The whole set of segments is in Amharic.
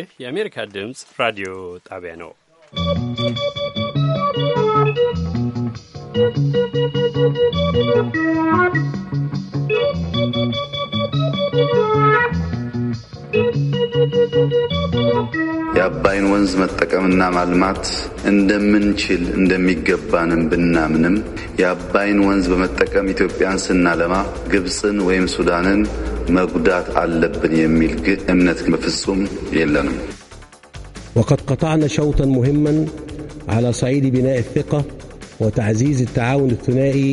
ይህ የአሜሪካ ድምፅ ራዲዮ ጣቢያ ነው። የአባይን ወንዝ መጠቀምና ማልማት እንደምንችል እንደሚገባንም ብናምንም የአባይን ወንዝ በመጠቀም ኢትዮጵያን ስናለማ ግብፅን ወይም ሱዳንን مقدات على بني ملك እምነት مفصوم يلنا وقد قطعنا شوطا مهما على صعيد بناء الثقة وتعزيز التعاون الثنائي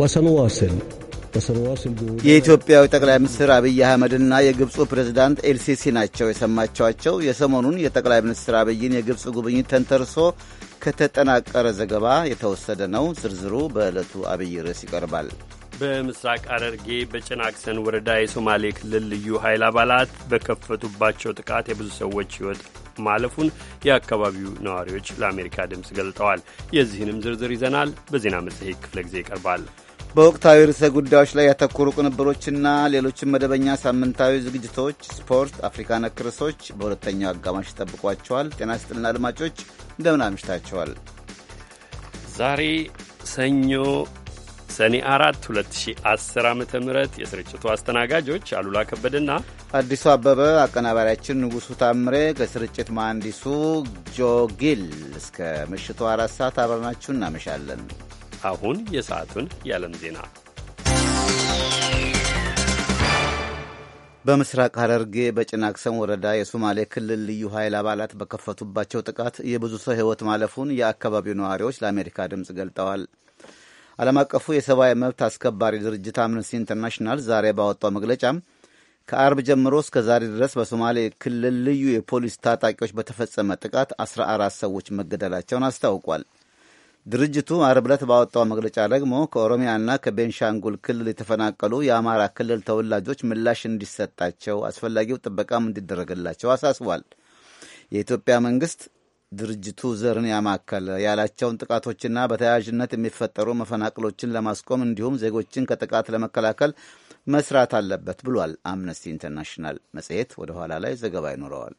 وسنواصل የኢትዮጵያው ጠቅላይ ሚኒስትር አብይ አህመድና የግብፁ ፕሬዝዳንት ኤልሲሲ ናቸው የሰማችኋቸው። የሰሞኑን የጠቅላይ ሚኒስትር አብይን የግብፅ ጉብኝት ተንተርሶ ከተጠናቀረ ዘገባ የተወሰደ ነው። ዝርዝሩ በዕለቱ አብይ ርዕስ ይቀርባል። በምስራቅ አረርጌ በጭናክሰን ወረዳ የሶማሌ ክልል ልዩ ኃይል አባላት በከፈቱባቸው ጥቃት የብዙ ሰዎች ሕይወት ማለፉን የአካባቢው ነዋሪዎች ለአሜሪካ ድምፅ ገልጠዋል። የዚህንም ዝርዝር ይዘናል። በዜና መጽሔት ክፍለ ጊዜ ይቀርባል። በወቅታዊ ርዕሰ ጉዳዮች ላይ ያተኮሩ ቅንብሮችና ሌሎችም መደበኛ ሳምንታዊ ዝግጅቶች፣ ስፖርት፣ አፍሪካ ነክ ርዕሶች በሁለተኛው አጋማሽ ይጠብቋቸዋል። ጤና ስጥልና አድማጮች እንደምን አምሽታቸዋል። ዛሬ ሰኞ ሰኔ አራት 2010 ዓ ም የስርጭቱ አስተናጋጆች አሉላ ከበደና አዲሱ አበበ፣ አቀናባሪያችን ንጉሱ ታምሬ ከስርጭት መሐንዲሱ ጆጊል እስከ ምሽቱ አራት ሰዓት አብረናችሁ እናመሻለን። አሁን የሰዓቱን የዓለም ዜና በምስራቅ ሐረርጌ በጭናክሰን ወረዳ የሶማሌ ክልል ልዩ ኃይል አባላት በከፈቱባቸው ጥቃት የብዙ ሰው ሕይወት ማለፉን የአካባቢው ነዋሪዎች ለአሜሪካ ድምፅ ገልጠዋል። ዓለም አቀፉ የሰብአዊ መብት አስከባሪ ድርጅት አምነስቲ ኢንተርናሽናል ዛሬ ባወጣው መግለጫም ከአርብ ጀምሮ እስከ ዛሬ ድረስ በሶማሌ ክልል ልዩ የፖሊስ ታጣቂዎች በተፈጸመ ጥቃት 14 ሰዎች መገደላቸውን አስታውቋል። ድርጅቱ አርብ ዕለት ባወጣው መግለጫ ደግሞ ከኦሮሚያና ከቤንሻንጉል ክልል የተፈናቀሉ የአማራ ክልል ተወላጆች ምላሽ እንዲሰጣቸው አስፈላጊው ጥበቃም እንዲደረግላቸው አሳስቧል። የኢትዮጵያ መንግስት ድርጅቱ ዘርን ያማከለ ያላቸውን ጥቃቶችና በተያያዥነት የሚፈጠሩ መፈናቅሎችን ለማስቆም እንዲሁም ዜጎችን ከጥቃት ለመከላከል መስራት አለበት ብሏል አምነስቲ ኢንተርናሽናል። መጽሔት ወደ ኋላ ላይ ዘገባ ይኖረዋል።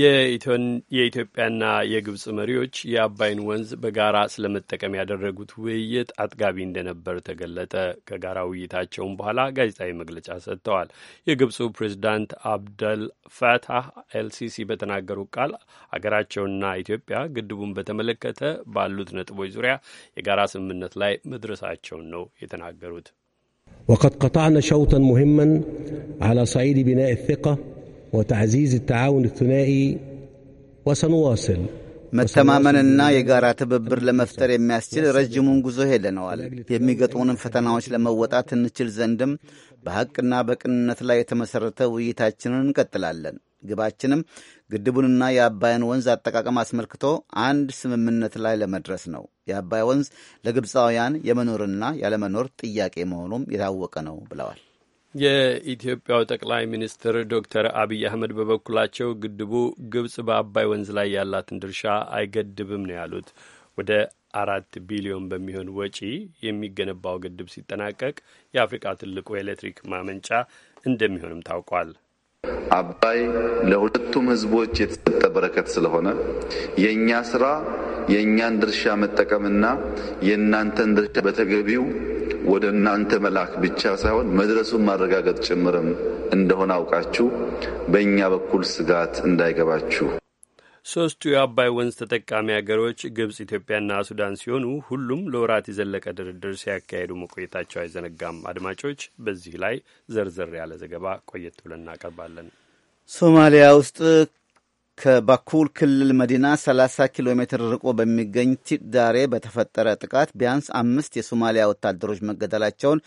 የኢትዮጵያና የግብጽ መሪዎች የአባይን ወንዝ በጋራ ስለመጠቀም ያደረጉት ውይይት አጥጋቢ እንደነበር ተገለጠ። ከጋራ ውይይታቸውም በኋላ ጋዜጣዊ መግለጫ ሰጥተዋል። የግብፁ ፕሬዚዳንት አብደል ፈታህ ኤልሲሲ በተናገሩት ቃል አገራቸውና ኢትዮጵያ ግድቡን በተመለከተ ባሉት ነጥቦች ዙሪያ የጋራ ስምምነት ላይ መድረሳቸውን ነው የተናገሩት። ወቀድ ቀጣዕና ሸውተን ሙሂመን ዐላ ሰዒድ ቢናኢ ወተዕዚዝ ተዓውን ቱናኢ ወሰንዋስል መተማመንና የጋራ ትብብር ለመፍጠር የሚያስችል ረጅሙን ጉዞ ሄደነዋል። የሚገጥሙንም ፈተናዎች ለመወጣት እንችል ዘንድም በሐቅና በቅንነት ላይ የተመሠረተ ውይይታችንን እንቀጥላለን። ግባችንም ግድቡንና የአባይን ወንዝ አጠቃቀም አስመልክቶ አንድ ስምምነት ላይ ለመድረስ ነው። የአባይ ወንዝ ለግብፃውያን የመኖርና ያለመኖር ጥያቄ መሆኑም የታወቀ ነው ብለዋል። የኢትዮጵያው ጠቅላይ ሚኒስትር ዶክተር አብይ አህመድ በበኩላቸው ግድቡ ግብጽ በአባይ ወንዝ ላይ ያላትን ድርሻ አይገድብም ነው ያሉት። ወደ አራት ቢሊዮን በሚሆን ወጪ የሚገነባው ግድብ ሲጠናቀቅ የአፍሪቃ ትልቁ የኤሌክትሪክ ማመንጫ እንደሚሆንም ታውቋል። አባይ ለሁለቱም ሕዝቦች የተሰጠ በረከት ስለሆነ የእኛ ስራ የእኛን ድርሻ መጠቀምና የእናንተን ድርሻ በተገቢው ወደ እናንተ መላክ ብቻ ሳይሆን መድረሱን ማረጋገጥ ጭምርም እንደሆነ አውቃችሁ በእኛ በኩል ስጋት እንዳይገባችሁ። ሶስቱ የአባይ ወንዝ ተጠቃሚ ሀገሮች ግብጽ፣ ኢትዮጵያና ሱዳን ሲሆኑ ሁሉም ለወራት የዘለቀ ድርድር ሲያካሄዱ መቆየታቸው አይዘነጋም። አድማጮች፣ በዚህ ላይ ዘርዘር ያለ ዘገባ ቆየት ብለን እናቀርባለን። ሶማሊያ ውስጥ ከባኩል ክልል መዲና 30 ኪሎ ሜትር ርቆ በሚገኝ ቲዳሬ በተፈጠረ ጥቃት ቢያንስ አምስት የሶማሊያ ወታደሮች መገደላቸውን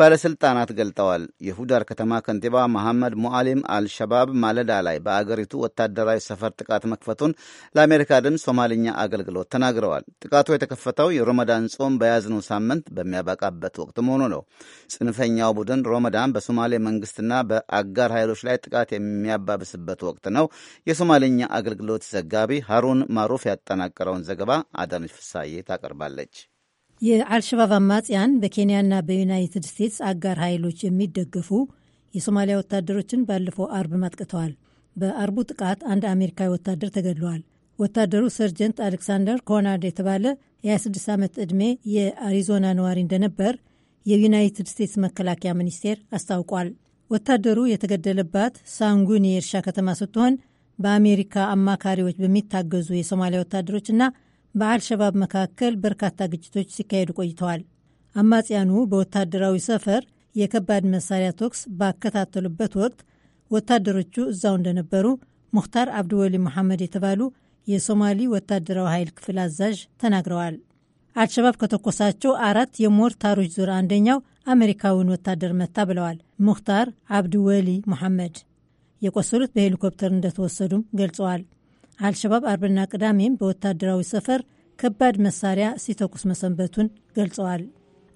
ባለሥልጣናት ገልጠዋል። የሁዳር ከተማ ከንቲባ መሐመድ ሙአሊም አልሸባብ ማለዳ ላይ በአገሪቱ ወታደራዊ ሰፈር ጥቃት መክፈቱን ለአሜሪካ ድምፅ ሶማልኛ አገልግሎት ተናግረዋል። ጥቃቱ የተከፈተው የሮመዳን ጾም በያዝነው ሳምንት በሚያበቃበት ወቅት መሆኑ ነው። ጽንፈኛው ቡድን ሮመዳን በሶማሌ መንግሥትና በአጋር ኃይሎች ላይ ጥቃት የሚያባብስበት ወቅት ነው። የሶማልኛ አገልግሎት ዘጋቢ ሀሩን ማሩፍ ያጠናቀረውን ዘገባ አዳነች ፍሳዬ ታቀርባለች። የአልሸባብ አማጽያን በኬንያና በዩናይትድ ስቴትስ አጋር ኃይሎች የሚደገፉ የሶማሊያ ወታደሮችን ባለፈው አርብ ማጥቅተዋል። በአርቡ ጥቃት አንድ አሜሪካዊ ወታደር ተገድለዋል። ወታደሩ ሰርጀንት አሌክሳንደር ኮናርድ የተባለ የ26 ዓመት ዕድሜ የአሪዞና ነዋሪ እንደነበር የዩናይትድ ስቴትስ መከላከያ ሚኒስቴር አስታውቋል። ወታደሩ የተገደለባት ሳንጉን የእርሻ ከተማ ስትሆን በአሜሪካ አማካሪዎች በሚታገዙ የሶማሊያ ወታደሮችና በአልሸባብ መካከል በርካታ ግጭቶች ሲካሄዱ ቆይተዋል። አማጽያኑ በወታደራዊ ሰፈር የከባድ መሳሪያ ተኩስ ባከታተሉበት ወቅት ወታደሮቹ እዛው እንደነበሩ ሙክታር አብድወሊ መሐመድ የተባሉ የሶማሊ ወታደራዊ ኃይል ክፍል አዛዥ ተናግረዋል። አልሸባብ ከተኮሳቸው አራት የሞርታሮች ዙር አንደኛው አሜሪካዊውን ወታደር መታ ብለዋል ሙክታር አብድወሊ መሐመድ። የቆሰሉት በሄሊኮፕተር እንደተወሰዱም ገልጸዋል። አልሸባብ አርብና ቅዳሜም በወታደራዊ ሰፈር ከባድ መሳሪያ ሲተኩስ መሰንበቱን ገልጸዋል።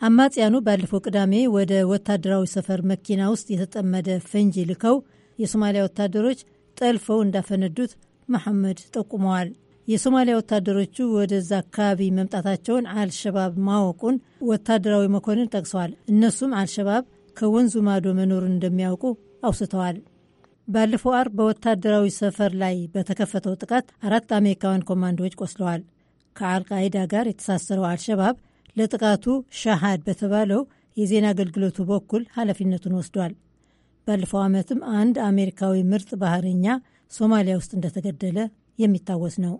አማጽያኑ ባለፈው ቅዳሜ ወደ ወታደራዊ ሰፈር መኪና ውስጥ የተጠመደ ፈንጂ ልከው የሶማሊያ ወታደሮች ጠልፈው እንዳፈነዱት መሐመድ ጠቁመዋል። የሶማሊያ ወታደሮቹ ወደዛ አካባቢ መምጣታቸውን አልሸባብ ማወቁን ወታደራዊ መኮንን ጠቅሰዋል። እነሱም አልሸባብ ከወንዙ ማዶ መኖሩን እንደሚያውቁ አውስተዋል። ባለፈው አርብ በወታደራዊ ሰፈር ላይ በተከፈተው ጥቃት አራት አሜሪካውያን ኮማንዶዎች ቆስለዋል። ከአልቃይዳ ጋር የተሳሰረው አልሸባብ ለጥቃቱ ሻሃድ በተባለው የዜና አገልግሎቱ በኩል ኃላፊነቱን ወስዷል። ባለፈው ዓመትም አንድ አሜሪካዊ ምርጥ ባህረኛ ሶማሊያ ውስጥ እንደተገደለ የሚታወስ ነው።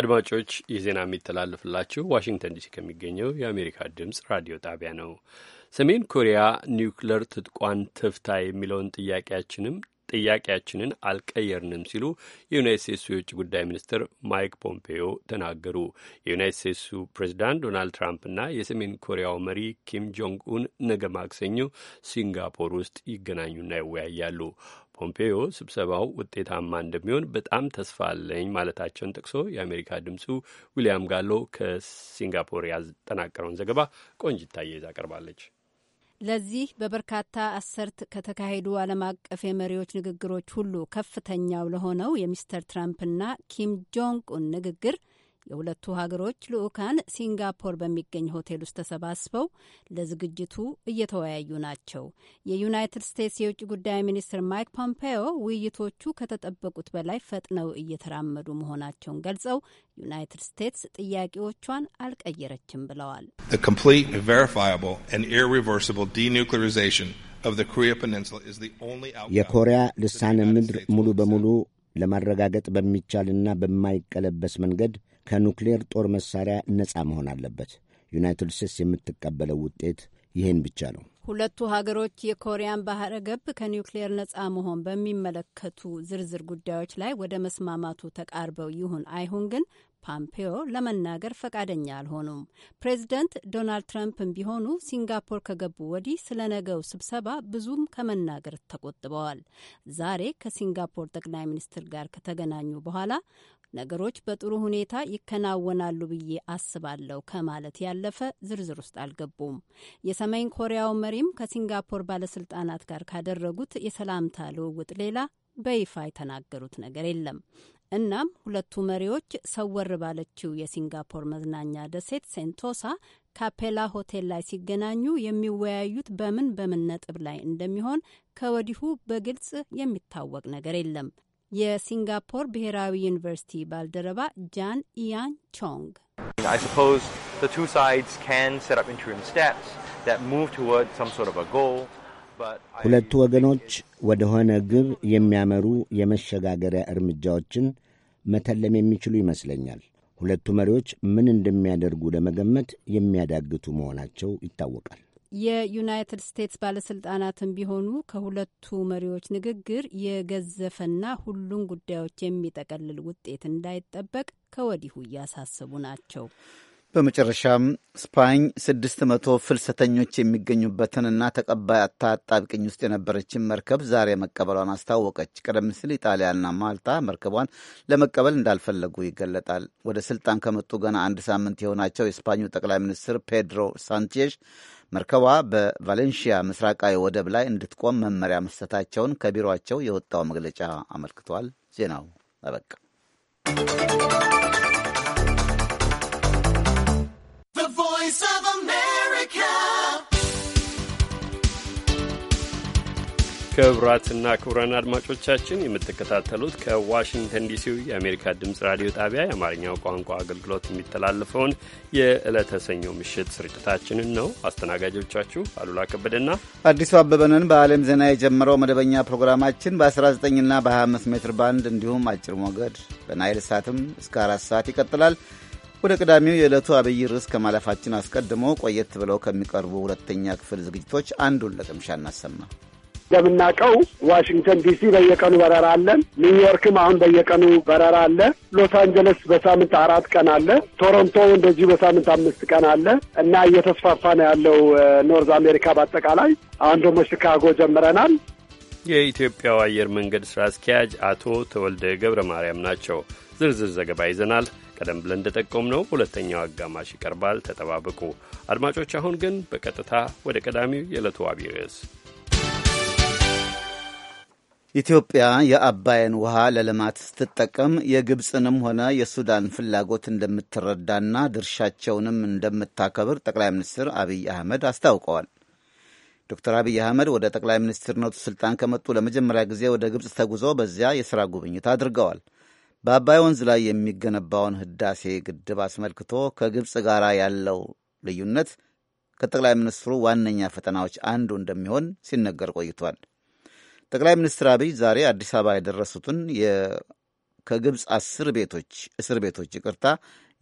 አድማጮች ይህ ዜና የሚተላለፍላችሁ ዋሽንግተን ዲሲ ከሚገኘው የአሜሪካ ድምፅ ራዲዮ ጣቢያ ነው። ሰሜን ኮሪያ ኒውክለር ትጥቋን ትፍታ የሚለውን ጥያቄያችንም ጥያቄያችንን አልቀየርንም ሲሉ የዩናይት ስቴትሱ የውጭ ጉዳይ ሚኒስትር ማይክ ፖምፔዮ ተናገሩ። የዩናይት ስቴትሱ ፕሬዚዳንት ዶናልድ ትራምፕና የሰሜን ኮሪያው መሪ ኪም ጆንግ ኡን ነገ ማክሰኞ ሲንጋፖር ውስጥ ይገናኙና ይወያያሉ። ፖምፔዮ ስብሰባው ውጤታማ እንደሚሆን በጣም ተስፋ አለኝ ማለታቸውን ጠቅሶ የአሜሪካ ድምጹ ዊልያም ጋሎ ከሲንጋፖር ያጠናቀረውን ዘገባ ቆንጅታ ይዛ ቀርባለች። ለዚህ በበርካታ አሰርት ከተካሄዱ ዓለም አቀፍ የመሪዎች ንግግሮች ሁሉ ከፍተኛው ለሆነው የሚስተር ትራምፕና ኪም ጆንግ ኡን ንግግር የሁለቱ ሀገሮች ልዑካን ሲንጋፖር በሚገኝ ሆቴል ውስጥ ተሰባስበው ለዝግጅቱ እየተወያዩ ናቸው። የዩናይትድ ስቴትስ የውጭ ጉዳይ ሚኒስትር ማይክ ፖምፔዮ ውይይቶቹ ከተጠበቁት በላይ ፈጥነው እየተራመዱ መሆናቸውን ገልጸው ዩናይትድ ስቴትስ ጥያቄዎቿን አልቀየረችም ብለዋል። የኮሪያ ልሳነ ምድር ሙሉ በሙሉ ለማረጋገጥ በሚቻልና በማይቀለበስ መንገድ ከኑክሌር ጦር መሳሪያ ነጻ መሆን አለበት። ዩናይትድ ስቴትስ የምትቀበለው ውጤት ይህን ብቻ ነው። ሁለቱ ሀገሮች የኮሪያን ባህረ ገብ ከኒውክሌር ነጻ መሆን በሚመለከቱ ዝርዝር ጉዳዮች ላይ ወደ መስማማቱ ተቃርበው ይሁን አይሁን ግን ፓምፔዮ ለመናገር ፈቃደኛ አልሆኑም። ፕሬዚደንት ዶናልድ ትራምፕም ቢሆኑ ሲንጋፖር ከገቡ ወዲህ ስለ ነገው ስብሰባ ብዙም ከመናገር ተቆጥበዋል። ዛሬ ከሲንጋፖር ጠቅላይ ሚኒስትር ጋር ከተገናኙ በኋላ ነገሮች በጥሩ ሁኔታ ይከናወናሉ ብዬ አስባለሁ ከማለት ያለፈ ዝርዝር ውስጥ አልገቡም። የሰሜን ኮሪያው መሪም ከሲንጋፖር ባለስልጣናት ጋር ካደረጉት የሰላምታ ልውውጥ ሌላ በይፋ የተናገሩት ነገር የለም። እናም ሁለቱ መሪዎች ሰወር ባለችው የሲንጋፖር መዝናኛ ደሴት ሴንቶሳ ካፔላ ሆቴል ላይ ሲገናኙ የሚወያዩት በምን በምን ነጥብ ላይ እንደሚሆን ከወዲሁ በግልጽ የሚታወቅ ነገር የለም። የሲንጋፖር ብሔራዊ ዩኒቨርሲቲ ባልደረባ ጃን ኢያን ቾንግ ሁለቱ ወገኖች ወደ ሆነ ግብ የሚያመሩ የመሸጋገሪያ እርምጃዎችን መተለም የሚችሉ ይመስለኛል። ሁለቱ መሪዎች ምን እንደሚያደርጉ ለመገመት የሚያዳግቱ መሆናቸው ይታወቃል። የዩናይትድ ስቴትስ ባለስልጣናትም ቢሆኑ ከሁለቱ መሪዎች ንግግር የገዘፈና ሁሉን ጉዳዮች የሚጠቀልል ውጤት እንዳይጠበቅ ከወዲሁ እያሳሰቡ ናቸው። በመጨረሻም ስፓኝ ስድስት መቶ ፍልሰተኞች የሚገኙበትንና ተቀባይ አጥታ አጣብቅኝ ውስጥ የነበረችን መርከብ ዛሬ መቀበሏን አስታወቀች። ቀደም ሲል ኢጣሊያና ማልታ መርከቧን ለመቀበል እንዳልፈለጉ ይገለጣል። ወደ ስልጣን ከመጡ ገና አንድ ሳምንት የሆናቸው የስፓኙ ጠቅላይ ሚኒስትር ፔድሮ ሳንቼዝ መርከቧ በቫሌንሺያ ምስራቃዊ ወደብ ላይ እንድትቆም መመሪያ መስጠታቸውን ከቢሮቸው የወጣው መግለጫ አመልክቷል። ዜናው አበቃ። ክቡራትና ክቡራን አድማጮቻችን የምትከታተሉት ከዋሽንግተን ዲሲው የአሜሪካ ድምፅ ራዲዮ ጣቢያ የአማርኛው ቋንቋ አገልግሎት የሚተላለፈውን የዕለተ ሰኞ ምሽት ስርጭታችንን ነው። አስተናጋጆቻችሁ አሉላ ከበደና አዲሱ አበበንን በዓለም ዜና የጀመረው መደበኛ ፕሮግራማችን በ19ና በ25 ሜትር ባንድ እንዲሁም አጭር ሞገድ በናይል ሳትም እስከ አራት ሰዓት ይቀጥላል። ወደ ቅዳሜው የዕለቱ አብይ ርዕስ ከማለፋችን አስቀድሞ ቆየት ብለው ከሚቀርቡ ሁለተኛ ክፍል ዝግጅቶች አንዱን ለቅምሻ እናሰማ። እንደምናውቀው ዋሽንግተን ዲሲ በየቀኑ በረራ አለን። ኒውዮርክም አሁን በየቀኑ በረራ አለ። ሎስ አንጀለስ በሳምንት አራት ቀን አለ። ቶሮንቶ እንደዚሁ በሳምንት አምስት ቀን አለ እና እየተስፋፋ ነው ያለው ኖርዝ አሜሪካ በአጠቃላይ። አሁን ደግሞ ሽካጎ ጀምረናል። የኢትዮጵያው አየር መንገድ ስራ አስኪያጅ አቶ ተወልደ ገብረ ማርያም ናቸው። ዝርዝር ዘገባ ይዘናል። ቀደም ብለን እንደጠቆም ነው ሁለተኛው አጋማሽ ይቀርባል። ተጠባበቁ አድማጮች። አሁን ግን በቀጥታ ወደ ቀዳሚው የዕለቱ አብይ ርዕስ ኢትዮጵያ የአባይን ውሃ ለልማት ስትጠቀም የግብፅንም ሆነ የሱዳን ፍላጎት እንደምትረዳና ድርሻቸውንም እንደምታከብር ጠቅላይ ሚኒስትር አብይ አህመድ አስታውቀዋል። ዶክተር አብይ አህመድ ወደ ጠቅላይ ሚኒስትርነቱ ስልጣን ከመጡ ለመጀመሪያ ጊዜ ወደ ግብፅ ተጉዞ በዚያ የሥራ ጉብኝት አድርገዋል። በአባይ ወንዝ ላይ የሚገነባውን ህዳሴ ግድብ አስመልክቶ ከግብፅ ጋር ያለው ልዩነት ከጠቅላይ ሚኒስትሩ ዋነኛ ፈተናዎች አንዱ እንደሚሆን ሲነገር ቆይቷል። ጠቅላይ ሚኒስትር አብይ ዛሬ አዲስ አበባ የደረሱትን ከግብፅ አስር ቤቶች እስር ቤቶች ይቅርታ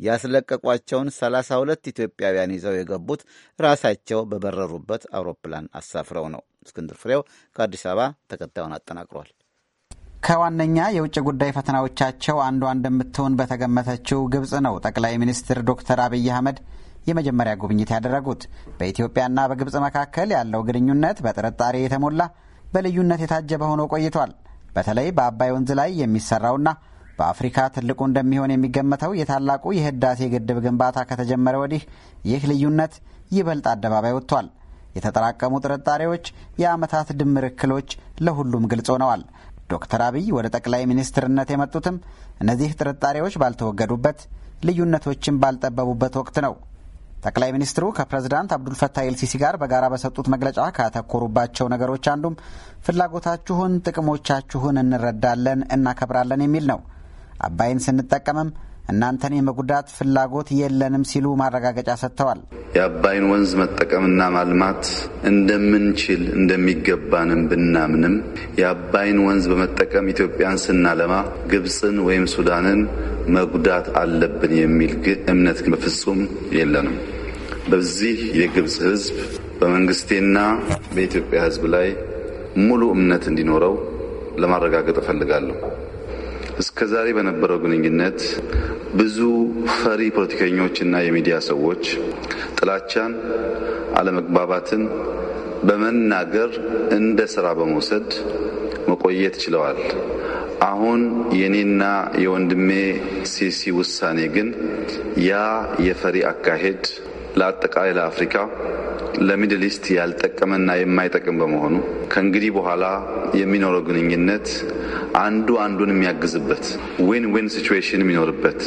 ያስለቀቋቸውን 32 ኢትዮጵያውያን ይዘው የገቡት ራሳቸው በበረሩበት አውሮፕላን አሳፍረው ነው። እስክንድር ፍሬው ከአዲስ አበባ ተከታዩን አጠናቅሯል። ከዋነኛ የውጭ ጉዳይ ፈተናዎቻቸው አንዷ እንደምትሆን በተገመተችው ግብፅ ነው ጠቅላይ ሚኒስትር ዶክተር አብይ አህመድ የመጀመሪያ ጉብኝት ያደረጉት። በኢትዮጵያና በግብፅ መካከል ያለው ግንኙነት በጥርጣሬ የተሞላ በልዩነት የታጀበ ሆኖ ቆይቷል። በተለይ በአባይ ወንዝ ላይ የሚሰራውና በአፍሪካ ትልቁ እንደሚሆን የሚገመተው የታላቁ የህዳሴ ግድብ ግንባታ ከተጀመረ ወዲህ ይህ ልዩነት ይበልጥ አደባባይ ወጥቷል። የተጠራቀሙ ጥርጣሬዎች፣ የዓመታት ድምር እክሎች ለሁሉም ግልጽ ሆነዋል። ዶክተር አብይ ወደ ጠቅላይ ሚኒስትርነት የመጡትም እነዚህ ጥርጣሬዎች ባልተወገዱበት ልዩነቶችን ባልጠበቡበት ወቅት ነው። ጠቅላይ ሚኒስትሩ ከፕሬዝዳንት አብዱልፈታህ ኤልሲሲ ጋር በጋራ በሰጡት መግለጫ ካተኮሩባቸው ነገሮች አንዱም ፍላጎታችሁን፣ ጥቅሞቻችሁን እንረዳለን፣ እናከብራለን የሚል ነው። አባይን ስንጠቀምም እናንተን የመጉዳት ፍላጎት የለንም ሲሉ ማረጋገጫ ሰጥተዋል። የአባይን ወንዝ መጠቀምና ማልማት እንደምንችል እንደሚገባንም ብናምንም የአባይን ወንዝ በመጠቀም ኢትዮጵያን ስናለማ ግብፅን ወይም ሱዳንን መጉዳት አለብን የሚል እምነት በፍጹም የለንም። በዚህ የግብፅ ህዝብ በመንግስቴና በኢትዮጵያ ህዝብ ላይ ሙሉ እምነት እንዲኖረው ለማረጋገጥ እፈልጋለሁ። እስከ ዛሬ በነበረው ግንኙነት ብዙ ፈሪ ፖለቲከኞችና የሚዲያ ሰዎች ጥላቻን፣ አለመግባባትን በመናገር እንደ ስራ በመውሰድ መቆየት ችለዋል። አሁን የኔና የወንድሜ ሲሲ ውሳኔ ግን ያ የፈሪ አካሄድ ለአጠቃላይ ለአፍሪካ ለሚድል ኢስት ያልጠቀመና የማይጠቅም በመሆኑ ከእንግዲህ በኋላ የሚኖረው ግንኙነት አንዱ አንዱን የሚያግዝበት ዊን ዊን ሲዌሽን የሚኖርበት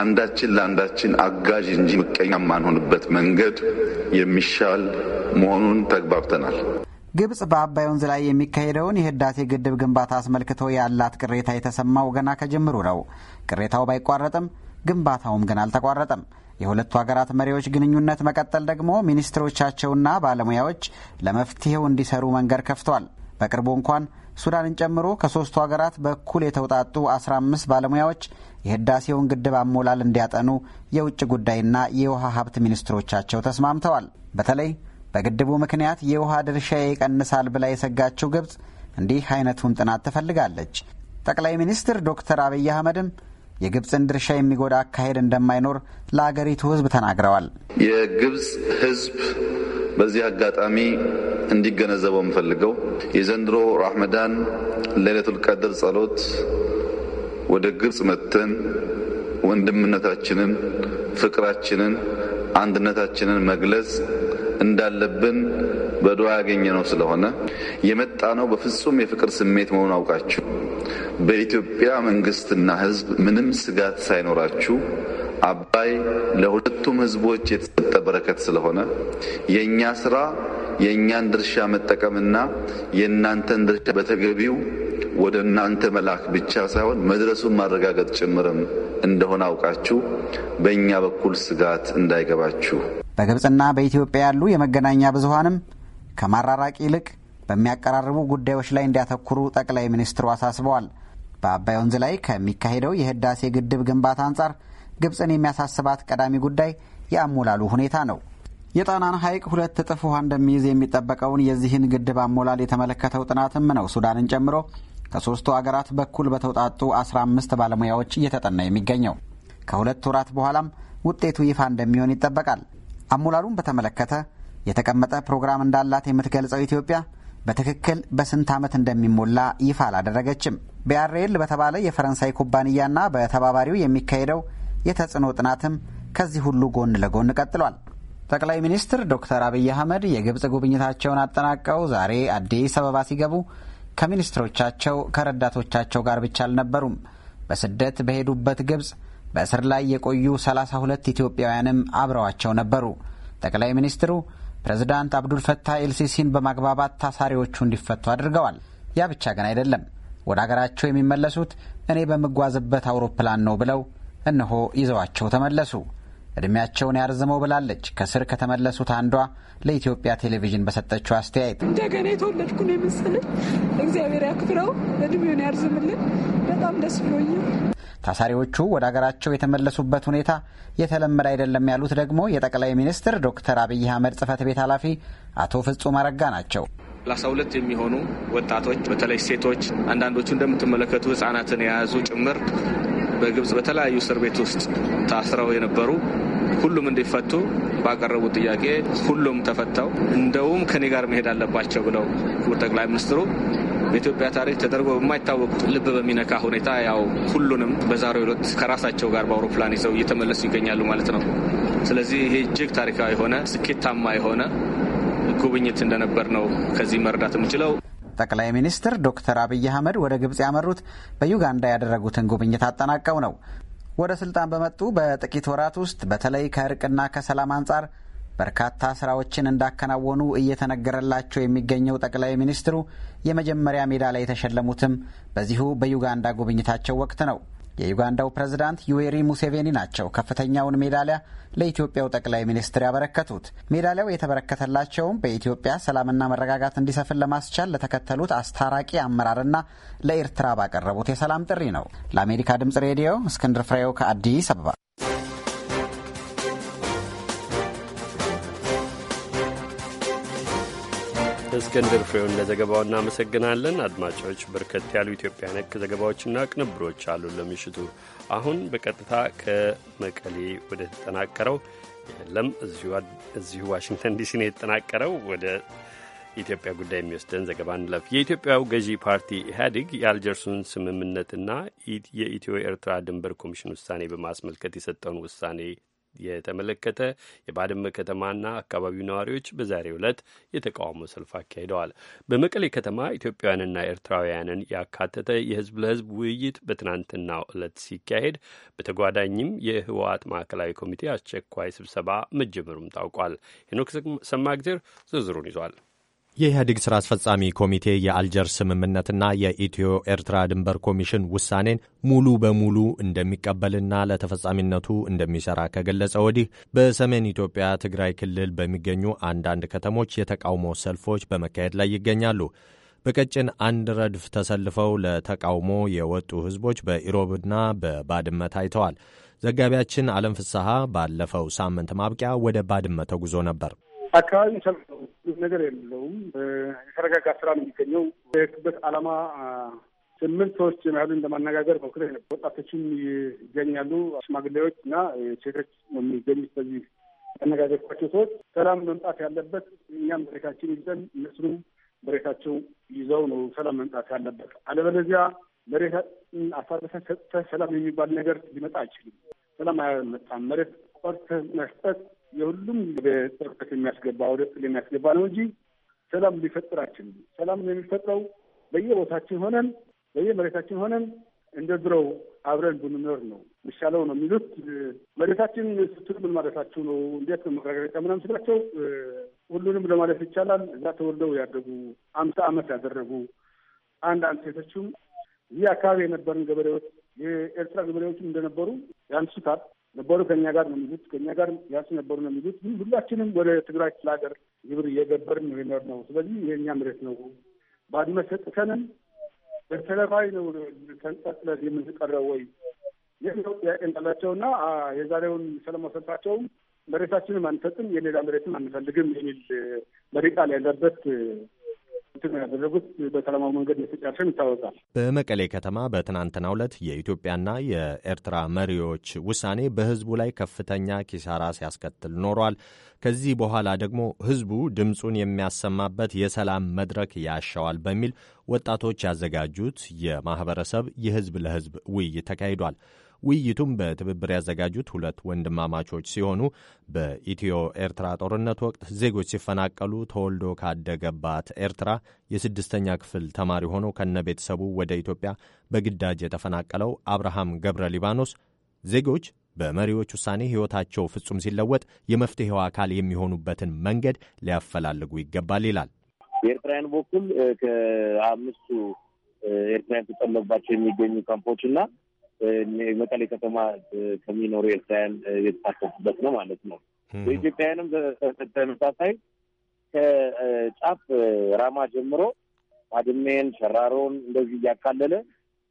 አንዳችን ለአንዳችን አጋዥ እንጂ ምቀኛ የማንሆንበት መንገድ የሚሻል መሆኑን ተግባብተናል። ግብጽ በአባይ ወንዝ ላይ የሚካሄደውን የህዳሴ ግድብ ግንባታ አስመልክቶ ያላት ቅሬታ የተሰማው ገና ከጀምሩ ነው። ቅሬታው ባይቋረጥም ግንባታውም ግን አልተቋረጠም። የሁለቱ ሀገራት መሪዎች ግንኙነት መቀጠል ደግሞ ሚኒስትሮቻቸውና ባለሙያዎች ለመፍትሄው እንዲሰሩ መንገድ ከፍቷል። በቅርቡ እንኳን ሱዳንን ጨምሮ ከሶስቱ ሀገራት በኩል የተውጣጡ 15 ባለሙያዎች የህዳሴውን ግድብ አሞላል እንዲያጠኑ የውጭ ጉዳይና የውሃ ሀብት ሚኒስትሮቻቸው ተስማምተዋል። በተለይ በግድቡ ምክንያት የውሃ ድርሻ ይቀንሳል ብላ የሰጋችው ግብፅ እንዲህ አይነቱን ጥናት ትፈልጋለች። ጠቅላይ ሚኒስትር ዶክተር አብይ አህመድም የግብፅን ድርሻ የሚጎዳ አካሄድ እንደማይኖር ለአገሪቱ ሕዝብ ተናግረዋል። የግብፅ ሕዝብ በዚህ አጋጣሚ እንዲገነዘበው የምፈልገው የዘንድሮ ራመዳን ሌለቱል ቀድር ጸሎት ወደ ግብፅ መጥተን ወንድምነታችንን፣ ፍቅራችንን፣ አንድነታችንን መግለጽ እንዳለብን በዱዓ ያገኘ ነው ስለሆነ የመጣ ነው በፍጹም የፍቅር ስሜት መሆኑ አውቃችሁ በኢትዮጵያ መንግስትና ህዝብ ምንም ስጋት ሳይኖራችሁ አባይ ለሁለቱም ህዝቦች የተሰጠ በረከት ስለሆነ የእኛ ስራ የእኛን ድርሻ መጠቀምና የእናንተን ድርሻ በተገቢው ወደ እናንተ መላክ ብቻ ሳይሆን መድረሱን ማረጋገጥ ጭምርም እንደሆነ አውቃችሁ በእኛ በኩል ስጋት እንዳይገባችሁ በግብፅና በኢትዮጵያ ያሉ የመገናኛ ብዙሀንም ከማራራቅ ይልቅ በሚያቀራርቡ ጉዳዮች ላይ እንዲያተኩሩ ጠቅላይ ሚኒስትሩ አሳስበዋል። በአባይ ወንዝ ላይ ከሚካሄደው የህዳሴ ግድብ ግንባታ አንጻር ግብፅን የሚያሳስባት ቀዳሚ ጉዳይ የአሞላሉ ሁኔታ ነው። የጣናን ሐይቅ ሁለት እጥፍ ውሃ እንደሚይዝ የሚጠበቀውን የዚህን ግድብ አሞላል የተመለከተው ጥናትም ነው ሱዳንን ጨምሮ ከሦስቱ አገራት በኩል በተውጣጡ 15 ባለሙያዎች እየተጠና የሚገኘው። ከሁለት ወራት በኋላም ውጤቱ ይፋ እንደሚሆን ይጠበቃል። አሞላሉን በተመለከተ የተቀመጠ ፕሮግራም እንዳላት የምትገልጸው ኢትዮጵያ በትክክል በስንት ዓመት እንደሚሞላ ይፋ አላደረገችም። ቢአርኤል በተባለ የፈረንሳይ ኩባንያና በተባባሪው የሚካሄደው የተጽዕኖ ጥናትም ከዚህ ሁሉ ጎን ለጎን ቀጥሏል። ጠቅላይ ሚኒስትር ዶክተር አብይ አህመድ የግብፅ ጉብኝታቸውን አጠናቀው ዛሬ አዲስ አበባ ሲገቡ ከሚኒስትሮቻቸው ከረዳቶቻቸው ጋር ብቻ አልነበሩም። በስደት በሄዱበት ግብፅ በእስር ላይ የቆዩ 32 ኢትዮጵያውያንም አብረዋቸው ነበሩ። ጠቅላይ ሚኒስትሩ ፕሬዝዳንት አብዱልፈታህ ኤልሲሲን በማግባባት ታሳሪዎቹ እንዲፈቱ አድርገዋል። ያ ብቻ ግን አይደለም። ወደ አገራቸው የሚመለሱት እኔ በምጓዝበት አውሮፕላን ነው ብለው እነሆ ይዘዋቸው ተመለሱ። ዕድሜያቸውን ያርዝመው ብላለች። ከስር ከተመለሱት አንዷ ለኢትዮጵያ ቴሌቪዥን በሰጠችው አስተያየት እንደገና የተወለድኩ ነው የመሰለኝ። እግዚአብሔር ያክብረው፣ እድሜውን ያርዝምልን። በጣም ደስ ብሎኛል። ታሳሪዎቹ ወደ አገራቸው የተመለሱበት ሁኔታ የተለመደ አይደለም ያሉት ደግሞ የጠቅላይ ሚኒስትር ዶክተር አብይ አህመድ ጽህፈት ቤት ኃላፊ አቶ ፍጹም አረጋ ናቸው። ሰላሳ ሁለት የሚሆኑ ወጣቶች በተለይ ሴቶች፣ አንዳንዶቹ እንደምትመለከቱ ህጻናትን የያዙ ጭምር በግብጽ በተለያዩ እስር ቤት ውስጥ ታስረው የነበሩ ሁሉም እንዲፈቱ ባቀረቡ ጥያቄ ሁሉም ተፈተው እንደውም ከኔ ጋር መሄድ አለባቸው ብለው ክቡር ጠቅላይ ሚኒስትሩ በኢትዮጵያ ታሪክ ተደርጎ በማይታወቅ ልብ በሚነካ ሁኔታ ያው ሁሉንም በዛሬው ዕለት ከራሳቸው ጋር በአውሮፕላን ይዘው እየተመለሱ ይገኛሉ ማለት ነው። ስለዚህ ይሄ እጅግ ታሪካዊ የሆነ ስኬታማ የሆነ ጉብኝት እንደነበር ነው ከዚህ መረዳት የምችለው። ጠቅላይ ሚኒስትር ዶክተር አብይ አህመድ ወደ ግብፅ ያመሩት በዩጋንዳ ያደረጉትን ጉብኝት አጠናቀው ነው። ወደ ስልጣን በመጡ በጥቂት ወራት ውስጥ በተለይ ከእርቅና ከሰላም አንጻር በርካታ ስራዎችን እንዳከናወኑ እየተነገረላቸው የሚገኘው ጠቅላይ ሚኒስትሩ የመጀመሪያ ላይ የተሸለሙትም በዚሁ በዩጋንዳ ጉብኝታቸው ወቅት ነው። የዩጋንዳው ፕሬዝዳንት ዩዌሪ ሙሴቬኒ ናቸው ከፍተኛውን ሜዳሊያ ለኢትዮጵያው ጠቅላይ ሚኒስትር ያበረከቱት። ሜዳሊያው የተበረከተላቸውም በኢትዮጵያ ሰላምና መረጋጋት እንዲሰፍን ለማስቻል ለተከተሉት አስታራቂ አመራርና ለኤርትራ ባቀረቡት የሰላም ጥሪ ነው። ለአሜሪካ ድምጽ ሬዲዮ እስክንድር ፍሬው ከአዲስ አበባ እስክንድር ፍሬውን ለዘገባው እናመሰግናለን። አድማጮች በርከት ያሉ ኢትዮጵያ ነክ ዘገባዎችና ቅንብሮች አሉ ለምሽቱ። አሁን በቀጥታ ከመቀሌ ወደ ተጠናቀረው የለም እዚሁ ዋሽንግተን ዲሲ ነው የተጠናቀረው ወደ ኢትዮጵያ ጉዳይ የሚወስደን ዘገባ እንለፍ። የኢትዮጵያው ገዢ ፓርቲ ኢህአዴግ የአልጀርሱን ስምምነትና የኢትዮ ኤርትራ ድንበር ኮሚሽን ውሳኔ በማስመልከት የሰጠውን ውሳኔ የተመለከተ የባድመ ከተማና አካባቢው ነዋሪዎች በዛሬው ዕለት የተቃውሞ ሰልፍ አካሂደዋል። በመቀሌ ከተማ ኢትዮጵያውያንና ኤርትራውያንን ያካተተ የህዝብ ለህዝብ ውይይት በትናንትናው ዕለት ሲካሄድ፣ በተጓዳኝም የህወሓት ማዕከላዊ ኮሚቴ አስቸኳይ ስብሰባ መጀመሩም ታውቋል። ሄኖክ ሰማግዜር ዝርዝሩን ይዟል። የኢህአዴግ ሥራ አስፈጻሚ ኮሚቴ የአልጀር ስምምነትና የኢትዮ ኤርትራ ድንበር ኮሚሽን ውሳኔን ሙሉ በሙሉ እንደሚቀበልና ለተፈጻሚነቱ እንደሚሠራ ከገለጸ ወዲህ በሰሜን ኢትዮጵያ ትግራይ ክልል በሚገኙ አንዳንድ ከተሞች የተቃውሞ ሰልፎች በመካሄድ ላይ ይገኛሉ። በቀጭን አንድ ረድፍ ተሰልፈው ለተቃውሞ የወጡ ሕዝቦች በኢሮብና በባድመ ታይተዋል። ዘጋቢያችን አለም ፍስሐ ባለፈው ሳምንት ማብቂያ ወደ ባድመ ተጉዞ ነበር። አካባቢ ሰላም ነገር የለውም። የተረጋጋ ስራ ነው የሚገኘው። የሄድኩበት አላማ ስምንት ሰዎች ያህሉ እንደማነጋገር ሞክሬ ነበር። ወጣቶችም ይገኛሉ፣ ሽማግሌዎች እና ሴቶች ነው የሚገኙት። በዚህ ያነጋገርኳቸው ሰዎች ሰላም መምጣት ያለበት እኛም መሬታችን ይዘን እነሱንም መሬታቸው ይዘው ነው ሰላም መምጣት ያለበት። አለበለዚያ መሬት አሳልፈህ ሰጥተህ ሰላም የሚባል ነገር ሊመጣ አይችልም። ሰላም አያመጣም። መሬት ቆርተህ መስጠት የሁሉም በጥርቀት የሚያስገባ ወደ ጥል የሚያስገባ ነው እንጂ ሰላም ሊፈጥር አይችልም። ሰላም የሚፈጥረው በየቦታችን ሆነን በየመሬታችን ሆነን እንደ ድሮው አብረን ብንኖር ነው የሚሻለው ነው የሚሉት። መሬታችን ስትል ምን ማለታችሁ ነው? እንዴት ነው መረጋገጫ ስላቸው ሁሉንም ለማለት ይቻላል። እዛ ተወልደው ያደጉ አምሳ ዓመት ያደረጉ አንድ አንድ ሴቶችም ይህ አካባቢ የነበርን ገበሬዎች የኤርትራ ገበሬዎችም እንደነበሩ ያንሱታል። ነበሩ ከኛ ጋር ነው የሚሉት፣ ከኛ ጋር ያሱ ነበሩ ነው የሚሉት። ግን ሁላችንም ወደ ትግራይ ክፍለ ሀገር ግብር እየገበርን ነው የኖር ነው። ስለዚህ የእኛ መሬት ነው ባድመ ሰጥተንም በተለፋይ ነው ተንጠጥለን የምንቀረው ወይ የሚለው ጥያቄ እንዳላቸውና የዛሬውን ሰላማዊ ሰልፋቸውም መሬታችንም አንሰጥም የሌላ መሬትም አንፈልግም የሚል መሪ ቃል ያለበት እንትን ያደረጉት። በሰላማዊ መንገድ ይታወቃል። በመቀሌ ከተማ በትናንትናው ዕለት የኢትዮጵያና የኤርትራ መሪዎች ውሳኔ በህዝቡ ላይ ከፍተኛ ኪሳራ ሲያስከትል ኖሯል። ከዚህ በኋላ ደግሞ ህዝቡ ድምፁን የሚያሰማበት የሰላም መድረክ ያሻዋል በሚል ወጣቶች ያዘጋጁት የማህበረሰብ የህዝብ ለህዝብ ውይይት ተካሂዷል። ውይይቱም በትብብር ያዘጋጁት ሁለት ወንድማማቾች ሲሆኑ በኢትዮ ኤርትራ ጦርነት ወቅት ዜጎች ሲፈናቀሉ ተወልዶ ካደገባት ኤርትራ የስድስተኛ ክፍል ተማሪ ሆኖ ከነ ቤተሰቡ ወደ ኢትዮጵያ በግዳጅ የተፈናቀለው አብርሃም ገብረ ሊባኖስ ዜጎች በመሪዎች ውሳኔ ሕይወታቸው ፍጹም ሲለወጥ የመፍትሔው አካል የሚሆኑበትን መንገድ ሊያፈላልጉ ይገባል ይላል። በኤርትራውያን በኩል ከአምስቱ ኤርትራውያን ተጠለባቸው የሚገኙ ካምፖች እና መቀሌ ከተማ ከሚኖሩ ኤርትራውያን የተሳተፉበት ነው ማለት ነው። በኢትዮጵያውያንም ተመሳሳይ ከጫፍ ራማ ጀምሮ አድሜን፣ ሸራሮን እንደዚህ እያካለለ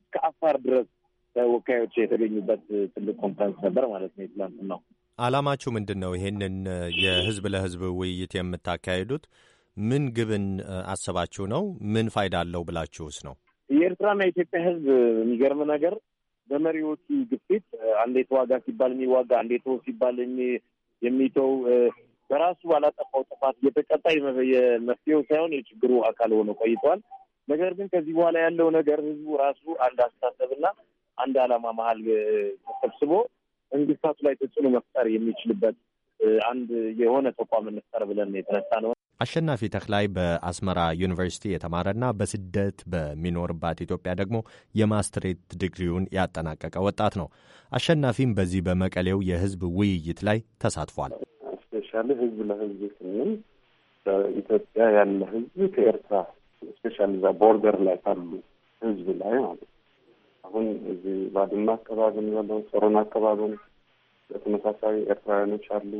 እስከ አፋር ድረስ ተወካዮች የተገኙበት ትልቅ ኮንፈረንስ ነበር ማለት ነው። ትላንትናው አላማችሁ ምንድን ነው? ይሄንን የህዝብ ለህዝብ ውይይት የምታካሄዱት ምን ግብን አስባችሁ ነው? ምን ፋይዳ አለው ብላችሁስ ነው? የኤርትራና የኢትዮጵያ ህዝብ የሚገርም ነገር በመሪዎቹ ግፊት አንዴ ተዋጋ ሲባል የሚዋጋ አንዴ ተው ሲባል የሚተው በራሱ ባላጠፋው ጥፋት እየተቀጣ የመፍትሄው ሳይሆን የችግሩ አካል ሆኖ ቆይተዋል። ነገር ግን ከዚህ በኋላ ያለው ነገር ህዝቡ ራሱ አንድ አስተሳሰብና አንድ ዓላማ መሀል ተሰብስቦ መንግስታቱ ላይ ተጽዕኖ መፍጠር የሚችልበት አንድ የሆነ ተቋም እንፍጠር ብለን የተነሳ ነው። አሸናፊ ተክላይ በአስመራ ዩኒቨርሲቲ የተማረና በስደት በሚኖርባት ኢትዮጵያ ደግሞ የማስትሬት ዲግሪውን ያጠናቀቀ ወጣት ነው። አሸናፊም በዚህ በመቀሌው የህዝብ ውይይት ላይ ተሳትፏል። ስፔሻሊ ህዝብ ለህዝብ ስንል በኢትዮጵያ ያለ ህዝብ ከኤርትራ ስፔሻሊ እዛ ቦርደር ላይ ካሉ ህዝብ ላይ ማለት አሁን እዚህ ባድማ አካባቢ ያለው ሶሮን አካባቢ በተመሳሳይ ኤርትራውያኖች አሉ።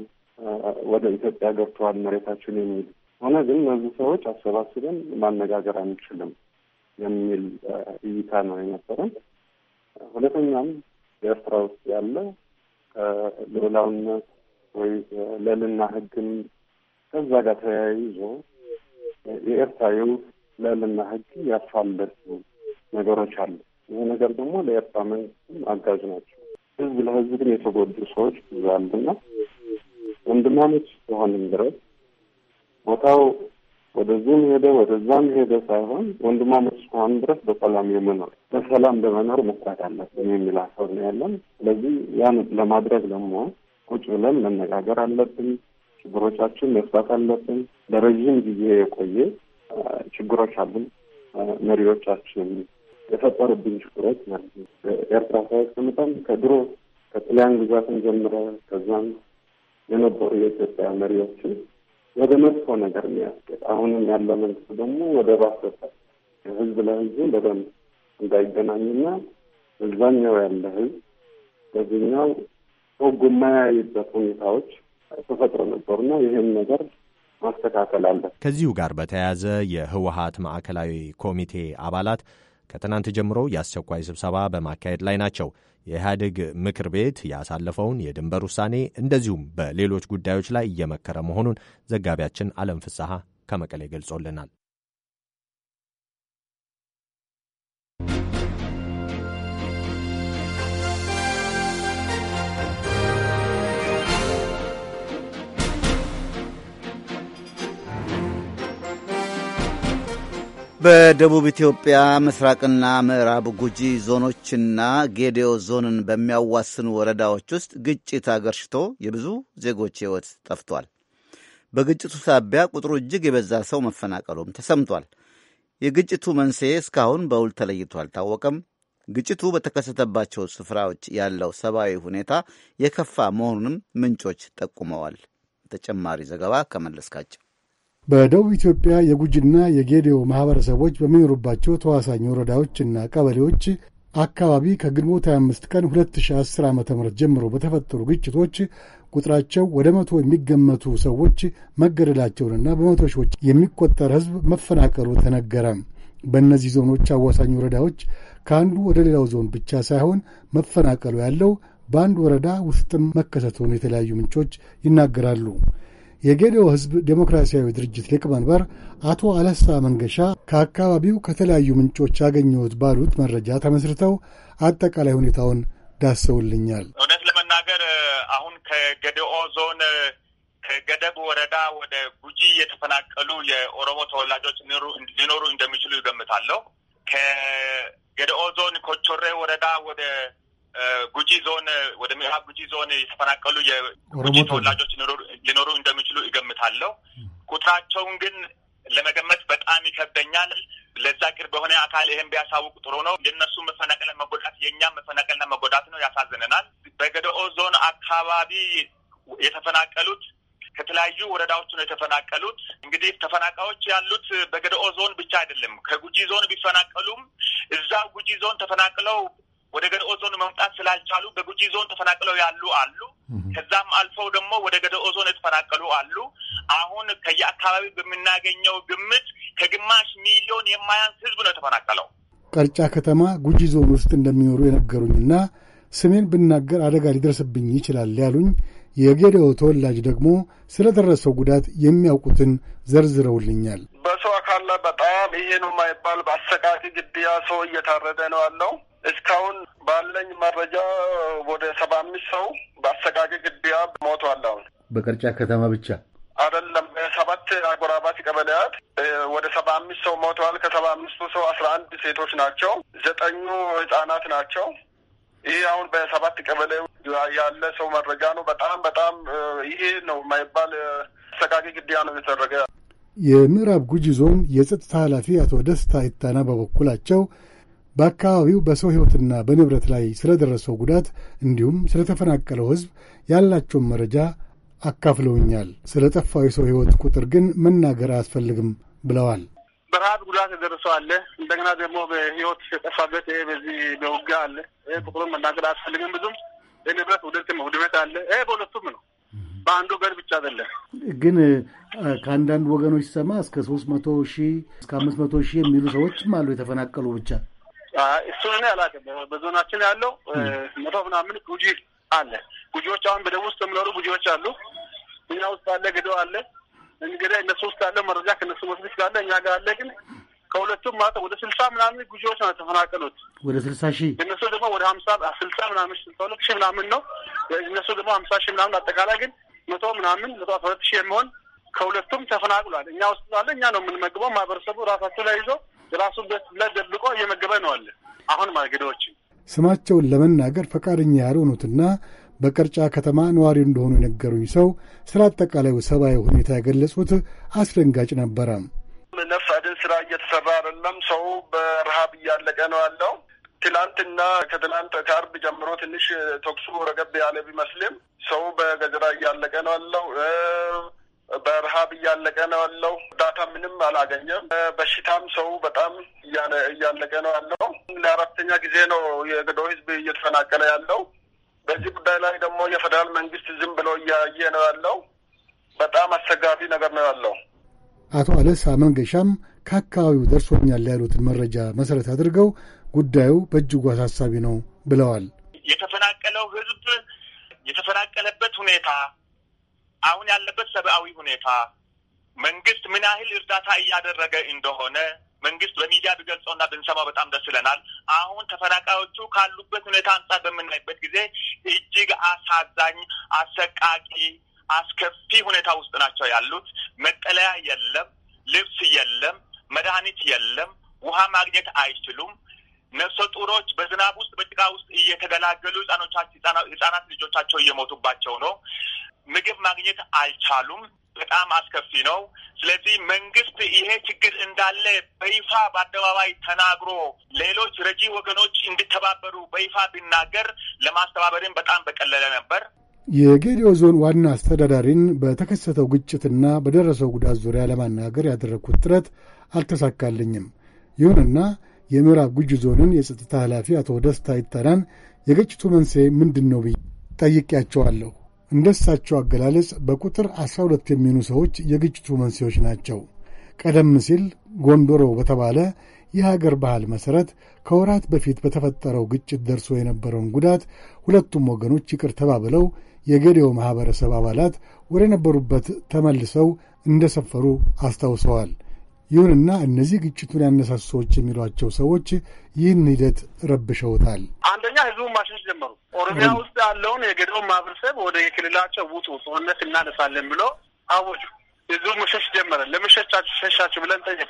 ወደ ኢትዮጵያ ገብተዋል መሬታችን የሚል ሆነ ግን እነዚህ ሰዎች አሰባስበን ማነጋገር አንችልም የሚል እይታ ነው የነበረን። ሁለተኛም በኤርትራ ውስጥ ያለ ሉዓላዊነት ወይ ለልና ህግን ከዛ ጋር ተያይዞ የኤርትራ የውስጥ ለልና ህግ ያፋለሱ ነገሮች አሉ። ይህ ነገር ደግሞ ለኤርትራ መንግስትም አጋዥ ናቸው። ህዝብ ለህዝብ ግን የተጎዱ ሰዎች ብዙ አሉና ወንድማሞች እስከሆንን ድረስ ቦታው ወደዚህም ሄደ ወደዛም ሄደ ሳይሆን ወንድማማች እስከሆን ድረስ በሰላም የመኖር በሰላም በመኖር መኳት አለብን የሚል ሀሳብ ነው ያለን። ስለዚህ ያን ለማድረግ ደግሞ ቁጭ ብለን መነጋገር አለብን። ችግሮቻችን መፍታት አለብን። ለረዥም ጊዜ የቆየ ችግሮች አሉን። መሪዎቻችን የፈጠሩብን ችግሮች ማለት ነው። ኤርትራ ሳያስቀምጠን ከድሮ ከጥሊያን ግዛትን ጀምረ ከዛም የነበሩ የኢትዮጵያ መሪዎችን ወደ መጥፎ ነገር የሚያስገድ አሁንም ያለው መንግስት ደግሞ ወደ ባሰበት ህዝብ ለህዝብ በደንብ እንዳይገናኝና እዛኛው ያለ ህዝብ በዚህኛው ህጉ የማያይበት ሁኔታዎች ተፈጥሮ ነበሩና ይህም ነገር ማስተካከል አለ። ከዚሁ ጋር በተያያዘ የህወሀት ማዕከላዊ ኮሚቴ አባላት ከትናንት ጀምሮ የአስቸኳይ ስብሰባ በማካሄድ ላይ ናቸው። የኢህአዴግ ምክር ቤት ያሳለፈውን የድንበር ውሳኔ እንደዚሁም በሌሎች ጉዳዮች ላይ እየመከረ መሆኑን ዘጋቢያችን አለም ፍስሐ ከመቀሌ ገልጾልናል። በደቡብ ኢትዮጵያ ምስራቅና ምዕራብ ጉጂ ዞኖችና ጌዲዮ ዞንን በሚያዋስኑ ወረዳዎች ውስጥ ግጭት አገርሽቶ የብዙ ዜጎች ሕይወት ጠፍቷል። በግጭቱ ሳቢያ ቁጥሩ እጅግ የበዛ ሰው መፈናቀሉም ተሰምቷል። የግጭቱ መንስኤ እስካሁን በውል ተለይቶ አልታወቀም። ግጭቱ በተከሰተባቸው ስፍራዎች ያለው ሰብአዊ ሁኔታ የከፋ መሆኑንም ምንጮች ጠቁመዋል። ተጨማሪ ዘገባ ከመለስካቸው በደቡብ ኢትዮጵያ የጉጂና የጌዴኦ ማኅበረሰቦች በሚኖሩባቸው ተዋሳኝ ወረዳዎችና ቀበሌዎች አካባቢ ከግንቦት 25 ቀን 2010 ዓ ም ጀምሮ በተፈጠሩ ግጭቶች ቁጥራቸው ወደ መቶ የሚገመቱ ሰዎች መገደላቸውንና በመቶ ሺዎች የሚቆጠር ሕዝብ መፈናቀሉ ተነገረ። በእነዚህ ዞኖች አዋሳኝ ወረዳዎች ከአንዱ ወደ ሌላው ዞን ብቻ ሳይሆን መፈናቀሉ ያለው በአንድ ወረዳ ውስጥም መከሰቱን የተለያዩ ምንጮች ይናገራሉ። የጌዲዮ ሕዝብ ዴሞክራሲያዊ ድርጅት ሊቀመንበር አቶ አለሳ መንገሻ ከአካባቢው ከተለያዩ ምንጮች ያገኘሁት ባሉት መረጃ ተመስርተው አጠቃላይ ሁኔታውን ዳሰውልኛል። እውነት ለመናገር አሁን ከጌዲኦ ዞን ከገደብ ወረዳ ወደ ጉጂ የተፈናቀሉ የኦሮሞ ተወላጆች ሊኖሩ እንደሚችሉ ይገምታለሁ። ከገደኦ ዞን ኮቾሬ ወረዳ ወደ ጉጂ ዞን ወደ ምዕራብ ጉጂ ዞን የተፈናቀሉ የጉጂ ተወላጆች ሊኖሩ እንደሚችሉ ይገምታለሁ። ቁጥራቸውን ግን ለመገመት በጣም ይከብደኛል። ለዛ ግር በሆነ አካል ይህን ቢያሳውቅ ጥሩ ነው። የእነሱ መፈናቀል መጎዳት የእኛም መፈናቀል መጎዳት ነው፣ ያሳዝነናል። በገደኦ ዞን አካባቢ የተፈናቀሉት ከተለያዩ ወረዳዎች ነው የተፈናቀሉት። እንግዲህ ተፈናቃዮች ያሉት በገደኦ ዞን ብቻ አይደለም። ከጉጂ ዞን ቢፈናቀሉም እዛ ጉጂ ዞን ተፈናቅለው ወደ ገደኦ ዞን መምጣት ስላልቻሉ በጉጂ ዞን ተፈናቅለው ያሉ አሉ። ከዛም አልፈው ደግሞ ወደ ገደኦ ዞን የተፈናቀሉ አሉ። አሁን ከየአካባቢ በምናገኘው ግምት ከግማሽ ሚሊዮን የማያንስ ህዝብ ነው የተፈናቀለው። ቀርጫ ከተማ ጉጂ ዞን ውስጥ እንደሚኖሩ የነገሩኝና ስሜን ብናገር አደጋ ሊደርስብኝ ይችላል ያሉኝ የጌዲኦ ተወላጅ ደግሞ ስለደረሰው ጉዳት የሚያውቁትን ዘርዝረውልኛል። በሰው አካል ላይ በጣም ይሄ ነው የማይባል በአሰቃቂ ግድያ ሰው እየታረደ ነው ያለው እስካሁን ባለኝ መረጃ ወደ ሰባ አምስት ሰው በአሰቃቂ ግድያ ሞቷል። አሁን በቅርጫ ከተማ ብቻ አይደለም ሰባት አጎራባች ቀበሌያት ወደ ሰባ አምስት ሰው ሞተዋል። ከሰባ አምስቱ ሰው አስራ አንድ ሴቶች ናቸው፣ ዘጠኙ ህጻናት ናቸው። ይህ አሁን በሰባት ቀበሌ ያለ ሰው መረጃ ነው። በጣም በጣም ይሄ ነው የማይባል አሰቃቂ ግድያ ነው የተደረገ። የምዕራብ ጉጂ ዞን የጸጥታ ኃላፊ አቶ ደስታ ይታና በበኩላቸው በአካባቢው በሰው ሕይወትና በንብረት ላይ ስለደረሰው ጉዳት እንዲሁም ስለተፈናቀለው ሕዝብ ያላቸውን መረጃ አካፍለውኛል። ስለ ጠፋው የሰው ሕይወት ቁጥር ግን መናገር አያስፈልግም ብለዋል። በረሀብ ጉዳት የደረሰው አለ። እንደገና ደግሞ በሕይወት የጠፋበት በዚህ በውጊያ አለ። ቁጥሩን መናገር አያስፈልግም ብዙም። የንብረት ውድት ውድመት አለ። ይሄ በሁለቱም ነው በአንዱ ገድ ብቻ አይደለም። ግን ከአንዳንድ ወገኖች ሲሰማ እስከ ሶስት መቶ ሺህ እስከ አምስት መቶ ሺህ የሚሉ ሰዎችም አሉ የተፈናቀሉ ብቻ እሱን እኔ አላውቅም። በዞናችን ያለው መቶ ምናምን ጉጂ አለ። ጉጂዎች አሁን በደቡብ ውስጥ የሚኖሩ ጉጂዎች አሉ። እኛ ውስጥ አለ፣ ግዶ አለ። እንግዲህ እነሱ ውስጥ ያለው መረጃ ከነሱ መስሊት ጋለ እኛ ጋር አለ። ግን ከሁለቱም ማለት ወደ ስልሳ ምናምን ጉጂዎች ነው የተፈናቀሉት። ወደ ስልሳ ሺህ እነሱ ደግሞ ወደ ሀምሳ ስልሳ ምናምን ስልሳ ሁለት ሺህ ምናምን ነው። እነሱ ደግሞ ሀምሳ ሺህ ምናምን አጠቃላይ ግን መቶ ምናምን መቶ አስራ ሁለት ሺህ የሚሆን ከሁለቱም ተፈናቅሏል። እኛ ውስጥ አለ። እኛ ነው የምንመግበው። ማህበረሰቡ ራሳቸው ላይ ይዞ የራሱን ብለት ደብቆ እየመገበ ነው አለ። አሁን ማገዳዎችን ስማቸውን ለመናገር ፈቃደኛ ያልሆኑትና በቅርጫ ከተማ ነዋሪ እንደሆኑ የነገሩኝ ሰው ስለ አጠቃላዩ ሰብአዊ ሁኔታ የገለጹት አስደንጋጭ ነበረ። ነፍስ አድን ስራ እየተሰራ አይደለም። ሰው በረሃብ እያለቀ ነው ያለው። ትላንትና ከትላንት ከአርብ ጀምሮ ትንሽ ተኩሱ ረገብ ያለ ቢመስልም ሰው በገጀራ እያለቀ ነው ያለው። በረሃብ እያለቀ ነው ያለው። እርዳታ ምንም አላገኘም። በሽታም ሰው በጣም እያለቀ ነው ያለው። ለአራተኛ ጊዜ ነው የገዶ ህዝብ እየተፈናቀለ ያለው። በዚህ ጉዳይ ላይ ደግሞ የፌዴራል መንግስት ዝም ብሎ እያየ ነው ያለው። በጣም አስቸጋሪ ነገር ነው ያለው። አቶ አለስ አመንገሻም ከአካባቢው ደርሶኛል ያሉትን መረጃ መሰረት አድርገው ጉዳዩ በእጅጉ አሳሳቢ ነው ብለዋል። የተፈናቀለው ህዝብ የተፈናቀለበት ሁኔታ አሁን ያለበት ሰብአዊ ሁኔታ መንግስት ምን ያህል እርዳታ እያደረገ እንደሆነ መንግስት በሚዲያ ብገልጸውና ብንሰማው በጣም ደስ ይለናል። አሁን ተፈናቃዮቹ ካሉበት ሁኔታ አንጻር በምናይበት ጊዜ እጅግ አሳዛኝ፣ አሰቃቂ፣ አስከፊ ሁኔታ ውስጥ ናቸው ያሉት። መጠለያ የለም፣ ልብስ የለም፣ መድኃኒት የለም፣ ውሃ ማግኘት አይችሉም። ነፍሰ ጡሮች በዝናብ ውስጥ በጭቃ ውስጥ እየተገላገሉ ህጻናት ልጆቻቸው እየሞቱባቸው ነው። ምግብ ማግኘት አልቻሉም። በጣም አስከፊ ነው። ስለዚህ መንግስት ይሄ ችግር እንዳለ በይፋ በአደባባይ ተናግሮ ሌሎች ረጂ ወገኖች እንዲተባበሩ በይፋ ቢናገር ለማስተባበርን በጣም በቀለለ ነበር። የጌዲዮ ዞን ዋና አስተዳዳሪን በተከሰተው ግጭትና በደረሰው ጉዳት ዙሪያ ለማናገር ያደረግኩት ጥረት አልተሳካልኝም። ይሁንና የምዕራብ ጉጅ ዞንን የጸጥታ ኃላፊ አቶ ደስታ ይታዳን የግጭቱ መንስኤ ምንድን ነው ብዬ ጠይቄያቸዋለሁ። እንደሳቸው አገላለጽ በቁጥር 12 የሚሆኑ ሰዎች የግጭቱ መንስኤዎች ናቸው። ቀደም ሲል ጎንዶሮ በተባለ የሀገር ባህል መሠረት ከወራት በፊት በተፈጠረው ግጭት ደርሶ የነበረውን ጉዳት ሁለቱም ወገኖች ይቅር ተባብለው የገዴው ማኅበረሰብ አባላት ወደ ነበሩበት ተመልሰው እንደሰፈሩ አስታውሰዋል። ይሁንና እነዚህ ግጭቱን ያነሳሱ ሰዎች የሚሏቸው ሰዎች ይህን ሂደት ረብሸውታል። አንደኛ ህዝቡን ማሸሽ ጀመሩ። ኦሮሚያ ውስጥ ያለውን የገደውን ማህበረሰብ ወደ የክልላቸው ውጡ፣ ጦርነት እናነሳለን ብሎ አወጁ። ህዝቡ መሸሽ ጀመረ። ለመሸሻችሁ ሸሻችሁ ብለን ጠየቅ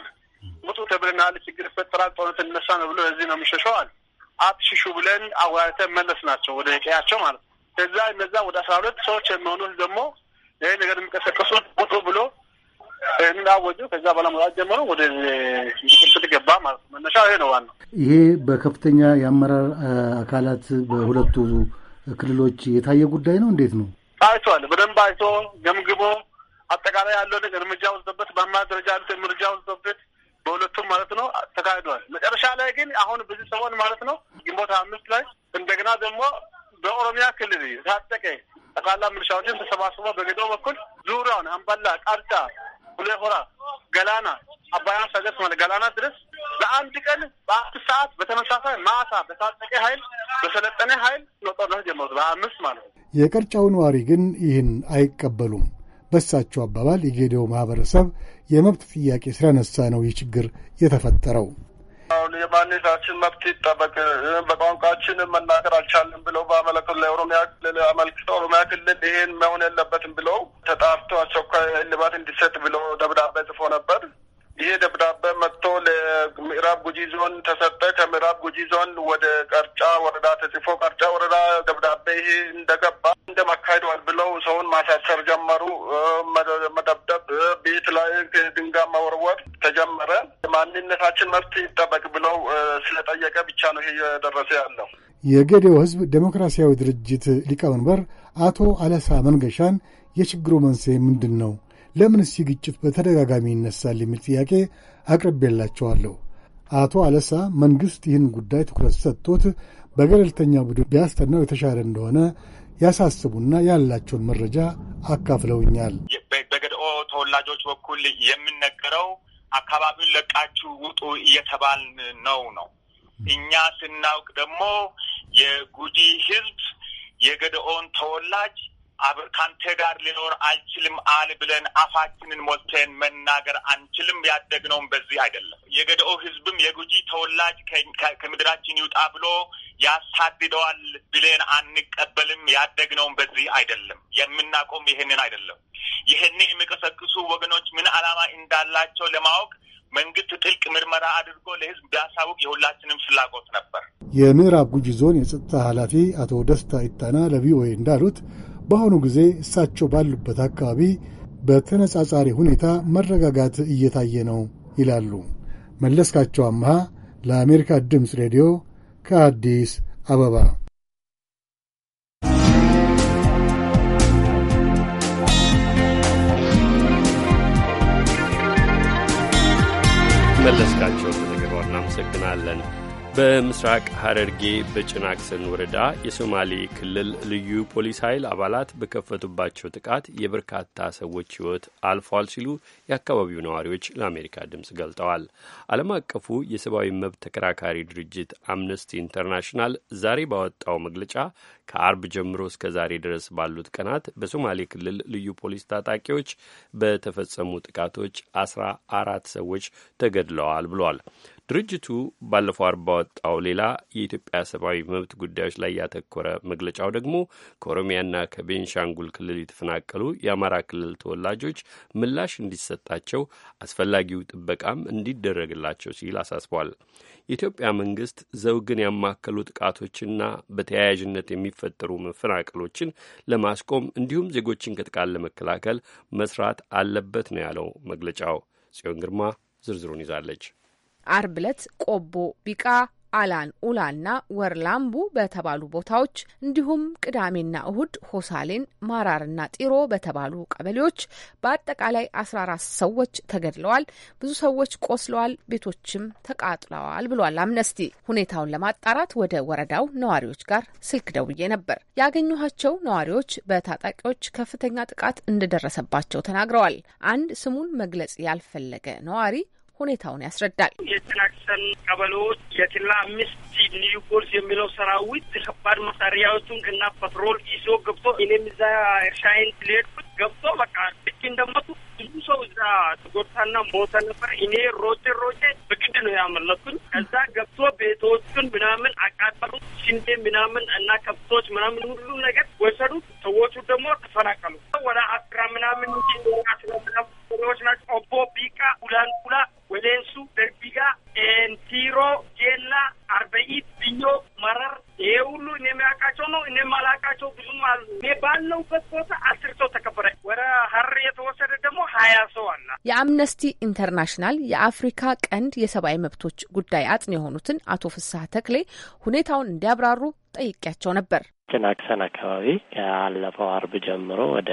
ውጡ ተብለናል። ችግር ይፈጠራል፣ ጦርነት እነሳ ነው ብሎ እዚህ ነው የሚሸሸው አሉ። አትሽሹ ብለን አወያይተን መለስ ናቸው ወደ የቀያቸው ማለት ነው። ከዛ እነዛ ወደ አስራ ሁለት ሰዎች የሚሆኑት ደግሞ ይህ ነገር የሚቀሰቀሱት ውጡ ብሎ ይህንን አወጁ። ከዛ ባለሙያ ጀምሮ ወደ ምክክር ገባ ማለት ነው። መነሻ ይሄ ነው ዋናው። ይሄ በከፍተኛ የአመራር አካላት በሁለቱ ክልሎች የታየ ጉዳይ ነው። እንዴት ነው አይቷል? በደንብ አይቶ ገምግቦ አጠቃላይ ያለው ያለውን እርምጃ ወስዶበት፣ በአመራር ደረጃ ያሉት እርምጃ ወስዶበት በሁለቱም ማለት ነው ተካሂዷል። መጨረሻ ላይ ግን አሁን ብዙ ሰሞን ማለት ነው ግንቦት አምስት ላይ እንደገና ደግሞ በኦሮሚያ ክልል ታጠቀ ጠቅላላ ምርሻዎችን ተሰባስበው በገዶ በኩል ዙሪያውን አምባላ ቃርጫ ቡሌ ገላና፣ አባያን ሰገስ ማለት ገላና ድረስ በአንድ ቀን በአንድ ሰዓት በተመሳሳይ ማታ በታጠቀ ኃይል በሰለጠነ ኃይል ጦርነት ጀመሩት በአምስት ማለት ነው። የቀርጫው ነዋሪ ግን ይህን አይቀበሉም። በሳቸው አባባል የጌዲዮ ማህበረሰብ የመብት ጥያቄ ስላነሳ ነው ይህ ችግር የተፈጠረው። አሁን የማንነታችን መብት ይጠበቅ፣ በቋንቋችን መናገር አልቻልንም ብለው በአመለክቱ ለኦሮሚያ ክልል አመልክቶ ኦሮሚያ ክልል ይሄን መሆን የለበትም ብለው ተጣርቶ አስቸኳይ እልባት እንዲሰጥ ብለው ደብዳቤ ጽፎ ነበር። ይሄ ደብዳቤ መጥቶ ለምዕራብ ጉጂ ዞን ተሰጠ። ከምዕራብ ጉጂ ዞን ወደ ቀርጫ ወረዳ ተጽፎ ቀርጫ ወረዳ ደብዳቤ ይሄ እንደገባ እንደማካሄደዋል ብለው ሰውን ማሳሰር ጀመሩ። መደብደብ፣ ቤት ላይ ድንጋይ መወርወር ተጀመረ። ማንነታችን መብት ይጠበቅ ብለው ስለጠየቀ ብቻ ነው ይሄ እየደረሰ ያለው። የገዴው ህዝብ ዴሞክራሲያዊ ድርጅት ሊቀመንበር አቶ አለሳ መንገሻን የችግሩ መንስኤ ምንድን ነው? ለምንስ ይህ ግጭት በተደጋጋሚ ይነሳል? የሚል ጥያቄ አቅርቤላቸዋለሁ። አቶ አለሳ መንግሥት ይህን ጉዳይ ትኩረት ሰጥቶት በገለልተኛ ቡድን ቢያስጠናው የተሻለ እንደሆነ ያሳስቡና ያላቸውን መረጃ አካፍለውኛል። በገድኦ ተወላጆች በኩል የሚነገረው አካባቢውን ለቃችሁ ውጡ እየተባል ነው ነው እኛ ስናውቅ ደግሞ የጉጂ ህዝብ የገደኦን ተወላጅ ከአንተ ጋር ሊኖር አልችልም አል ብለን አፋችንን ሞልተን መናገር አንችልም። ያደግነውም በዚህ አይደለም። የገደኦ ህዝብም የጉጂ ተወላጅ ከምድራችን ይውጣ ብሎ ያሳድደዋል ብለን አንቀበልም። ያደግነውም በዚህ አይደለም። የምናቆም ይህንን አይደለም። ይህንን የሚቀሰቅሱ ወገኖች ምን ዓላማ እንዳላቸው ለማወቅ መንግስት ጥልቅ ምርመራ አድርጎ ለህዝብ ቢያሳውቅ የሁላችንም ፍላጎት ነበር። የምዕራብ ጉጂ ዞን የጸጥታ ኃላፊ አቶ ደስታ ኢጣና ለቪኦኤ እንዳሉት በአሁኑ ጊዜ እሳቸው ባሉበት አካባቢ በተነጻጻሪ ሁኔታ መረጋጋት እየታየ ነው ይላሉ። መለስካቸው አምሃ ለአሜሪካ ድምፅ ሬዲዮ ከአዲስ አበባ። መለስካቸው ለዘገባው እናመሰግናለን። በምስራቅ ሐረርጌ በጭናክሰን ወረዳ የሶማሌ ክልል ልዩ ፖሊስ ኃይል አባላት በከፈቱባቸው ጥቃት የበርካታ ሰዎች ሕይወት አልፏል ሲሉ የአካባቢው ነዋሪዎች ለአሜሪካ ድምፅ ገልጠዋል። ዓለም አቀፉ የሰብአዊ መብት ተከራካሪ ድርጅት አምነስቲ ኢንተርናሽናል ዛሬ ባወጣው መግለጫ ከአርብ ጀምሮ እስከ ዛሬ ድረስ ባሉት ቀናት በሶማሌ ክልል ልዩ ፖሊስ ታጣቂዎች በተፈጸሙ ጥቃቶች አስራ አራት ሰዎች ተገድለዋል ብሏል። ድርጅቱ ባለፈው አርብ ባወጣው ሌላ የኢትዮጵያ ሰብአዊ መብት ጉዳዮች ላይ ያተኮረ መግለጫው ደግሞ ከኦሮሚያና ከቤንሻንጉል ክልል የተፈናቀሉ የአማራ ክልል ተወላጆች ምላሽ እንዲሰጣቸው አስፈላጊው ጥበቃም እንዲደረግላቸው ሲል አሳስቧል። የኢትዮጵያ መንግስት ዘውግን ያማከሉ ጥቃቶችና በተያያዥነት የሚፈጠሩ መፈናቀሎችን ለማስቆም እንዲሁም ዜጎችን ከጥቃት ለመከላከል መስራት አለበት ነው ያለው መግለጫው። ጽዮን ግርማ ዝርዝሩን ይዛለች። አርብ ዕለት ቆቦ ቢቃ አላን ኡላና ወርላምቡ በተባሉ ቦታዎች እንዲሁም ቅዳሜና እሁድ ሆሳሌን፣ ማራርና ጢሮ በተባሉ ቀበሌዎች በአጠቃላይ 14 ሰዎች ተገድለዋል፣ ብዙ ሰዎች ቆስለዋል፣ ቤቶችም ተቃጥለዋል ብሏል አምነስቲ። ሁኔታውን ለማጣራት ወደ ወረዳው ነዋሪዎች ጋር ስልክ ደውዬ ነበር። ያገኘኋቸው ነዋሪዎች በታጣቂዎች ከፍተኛ ጥቃት እንደደረሰባቸው ተናግረዋል። አንድ ስሙን መግለጽ ያልፈለገ ነዋሪ ሁኔታውን ያስረዳል። የተናክሰን ቀበሌዎች የትላ አምስት ልዩ ፖሊስ የሚለው ሰራዊት ከባድ መሳሪያዎቹን እና ፓትሮል ይዞ ገብቶ እኔም እዛ እርሻዬን ሊሄድኩት ገብቶ በቃ ልክ እንደመቱ ብዙ ሰው እዛ ተጎድታና ሞተ ነበር። እኔ ሮጬ ሮጬ በግድ ነው ያመለኩኝ። ከዛ ገብቶ ቤቶቹን ምናምን አቃጠሉት። ስንዴ ምናምን እና ከብቶች ምናምን ሁሉ ነገር ወሰዱ ሰዎቹ ደግሞ ተፈናቀሉ ወደ የአምነስቲ ኢንተርናሽናል የአፍሪካ ቀንድ የሰብአዊ መብቶች ጉዳይ አጥን የሆኑትን አቶ ፍስሐ ተክሌ ሁኔታውን እንዲያብራሩ ጠይቄያቸው ነበር። ጭናክሰን አካባቢ ከአለፈው አርብ ጀምሮ ወደ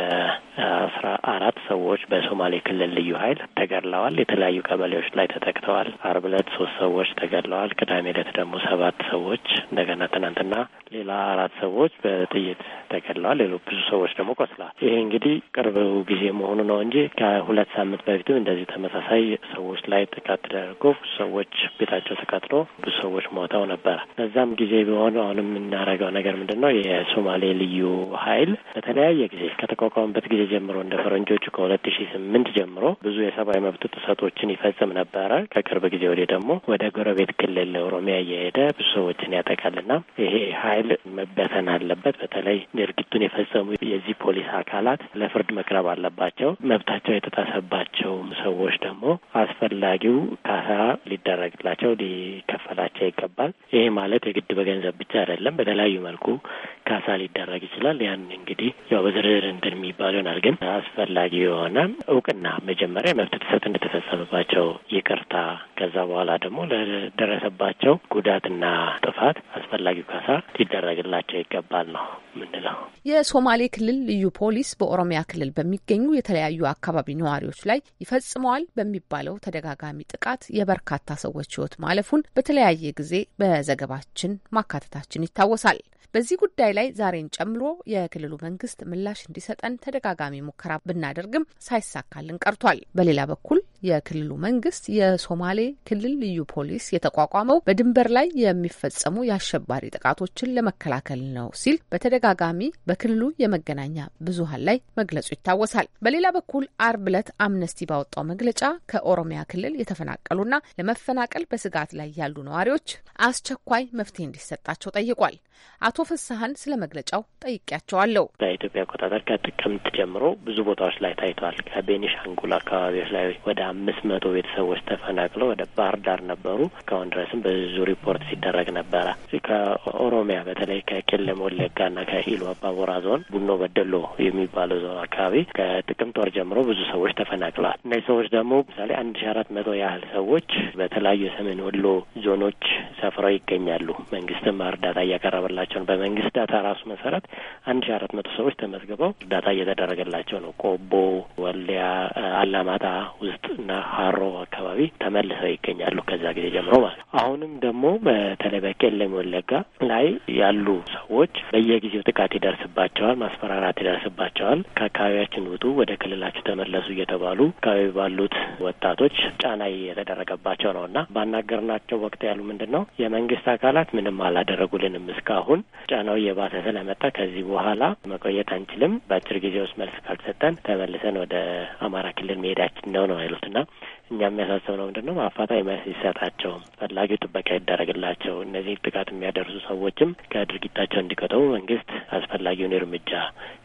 አስራ አራት ሰዎች በሶማሌ ክልል ልዩ ኃይል ተገድለዋል። የተለያዩ ቀበሌዎች ላይ ተጠቅተዋል። አርብ ዕለት ሶስት ሰዎች ተገድለዋል። ቅዳሜ ዕለት ደግሞ ሰባት ሰዎች እንደገና ትናንትና ሌላ አራት ሰዎች በጥይት ተገድለዋል። ሌሎች ብዙ ሰዎች ደግሞ ቆስለዋል። ይሄ እንግዲህ ቅርብ ጊዜ መሆኑ ነው እንጂ ከሁለት ሳምንት በፊትም እንደዚህ ተመሳሳይ ሰዎች ላይ ጥቃት ተደርጎ ብዙ ሰዎች ቤታቸው ተቃጥሎ ብዙ ሰዎች ሞተው ነበረ። በዛም ጊዜ ቢሆን አሁንም የምናደርገው ነገር ምንድን ነው የሶማሌ ልዩ ኃይል በተለያየ ጊዜ ከተቋቋመበት ጊዜ ጀምሮ እንደ ፈረንጆቹ ከሁለት ሺ ስምንት ጀምሮ ብዙ የሰብአዊ መብት ጥሰቶችን ይፈጽም ነበረ። ከቅርብ ጊዜ ወዲህ ደግሞ ወደ ጎረቤት ክልል ኦሮሚያ እየሄደ ብዙ ሰዎችን ያጠቃልና ይሄ ኃይል መበተን አለበት። በተለይ ድርጊቱን የፈጸሙ የዚህ ፖሊስ አካላት ለፍርድ መቅረብ አለባቸው። መብታቸው የተጣሰባቸው ሰዎች ደግሞ አስፈላጊው ካሳ ሊደረግላቸው ሊከፈላቸው ይገባል። ይሄ ማለት የግድ በገንዘብ ብቻ አይደለም። በተለያዩ መልኩ ካሳ ሊደረግ ይችላል። ያን እንግዲህ ያው በዝርዝር እንትን የሚባል ይሆናል። ግን አስፈላጊ የሆነ እውቅና መጀመሪያ መብት ጥሰት እንደተፈጸመባቸው ይቅርታ፣ ከዛ በኋላ ደግሞ ለደረሰባቸው ጉዳትና ጥፋት አስፈላጊው ካሳ ሊደረግላቸው ይገባል ነው ምንለው። የሶማሌ ክልል ልዩ ፖሊስ በኦሮሚያ ክልል በሚገኙ የተለያዩ አካባቢ ነዋሪዎች ላይ ይፈጽመዋል በሚባለው ተደጋጋሚ ጥቃት የበርካታ ሰዎች ህይወት ማለፉን በተለያየ ጊዜ በዘገባችን ማካተታችን ይታወሳል። በዚህ ጉዳይ ጉዳይ ላይ ዛሬን ጨምሮ የክልሉ መንግስት ምላሽ እንዲሰጠን ተደጋጋሚ ሙከራ ብናደርግም ሳይሳካልን ቀርቷል። በሌላ በኩል የክልሉ መንግስት የሶማሌ ክልል ልዩ ፖሊስ የተቋቋመው በድንበር ላይ የሚፈጸሙ የአሸባሪ ጥቃቶችን ለመከላከል ነው ሲል በተደጋጋሚ በክልሉ የመገናኛ ብዙሀን ላይ መግለጹ ይታወሳል። በሌላ በኩል አርብ ዕለት አምነስቲ ባወጣው መግለጫ ከኦሮሚያ ክልል የተፈናቀሉና ለመፈናቀል በስጋት ላይ ያሉ ነዋሪዎች አስቸኳይ መፍትሄ እንዲሰጣቸው ጠይቋል። አቶ ፍስሀን ስለ መግለጫው ጠይቄያቸዋለሁ። በኢትዮጵያ አቆጣጠር ከጥቅምት ጀምሮ ብዙ ቦታዎች ላይ ታይቷል። ከቤኒሻንጉል አካባቢዎች ላይ ወደ አምስት መቶ ቤተሰቦች ተፈናቅለው ወደ ባህር ዳር ነበሩ። እስካሁን ድረስም ብዙ ሪፖርት ሲደረግ ነበረ። ከኦሮሚያ በተለይ ከቄለም ና ከኢሉ አባቦራ ዞን ቡኖ በደሎ የሚባለው ዞን አካባቢ ከጥቅምት ወር ጀምሮ ብዙ ሰዎች ተፈናቅለዋል። እነዚህ ሰዎች ደግሞ ምሳሌ አንድ ሺ አራት መቶ ያህል ሰዎች በተለያዩ የሰሜን ወሎ ዞኖች ሰፍረው ይገኛሉ። መንግስትም እርዳታ እያቀረበላቸው ነው። በመንግስት ዳታ ራሱ መሰረት አንድ ሺ አራት መቶ ሰዎች ተመዝግበው እርዳታ እየተደረገላቸው ነው። ቆቦ፣ ወልዲያ፣ አላማጣ ውስጥ እና ሀሮ አካባቢ ተመልሰው ይገኛሉ። ከዛ ጊዜ ጀምሮ ማለት ነው። አሁንም ደግሞ በተለይ በቄለም ወለጋ ላይ ያሉ ሰዎች በየጊዜው ጥቃት ይደርስባቸዋል፣ ማስፈራራት ይደርስባቸዋል። ከአካባቢያችን ውጡ፣ ወደ ክልላችሁ ተመለሱ እየተባሉ አካባቢ ባሉት ወጣቶች ጫና የተደረገባቸው ነው እና ባናገርናቸው ወቅት ያሉ ምንድን ነው የመንግስት አካላት ምንም አላደረጉልንም እስካሁን ጫናው እየባሰ ስለመጣ ከዚህ በኋላ መቆየት አንችልም፣ በአጭር ጊዜ ውስጥ መልስ ካልሰጠን ተመልሰን ወደ አማራ ክልል መሄዳችን ነው ነው ያሉት። እና እኛ የሚያሳስብ ነው ምንድን ነው ማፋታ ይሰጣቸውም ፈላጊው ጥበቃ ይደረግላቸው። እነዚህ ጥቃት የሚያደርሱ ሰዎችም ከድርጊታቸው እንዲቆጠቡ መንግስት አስፈላጊውን እርምጃ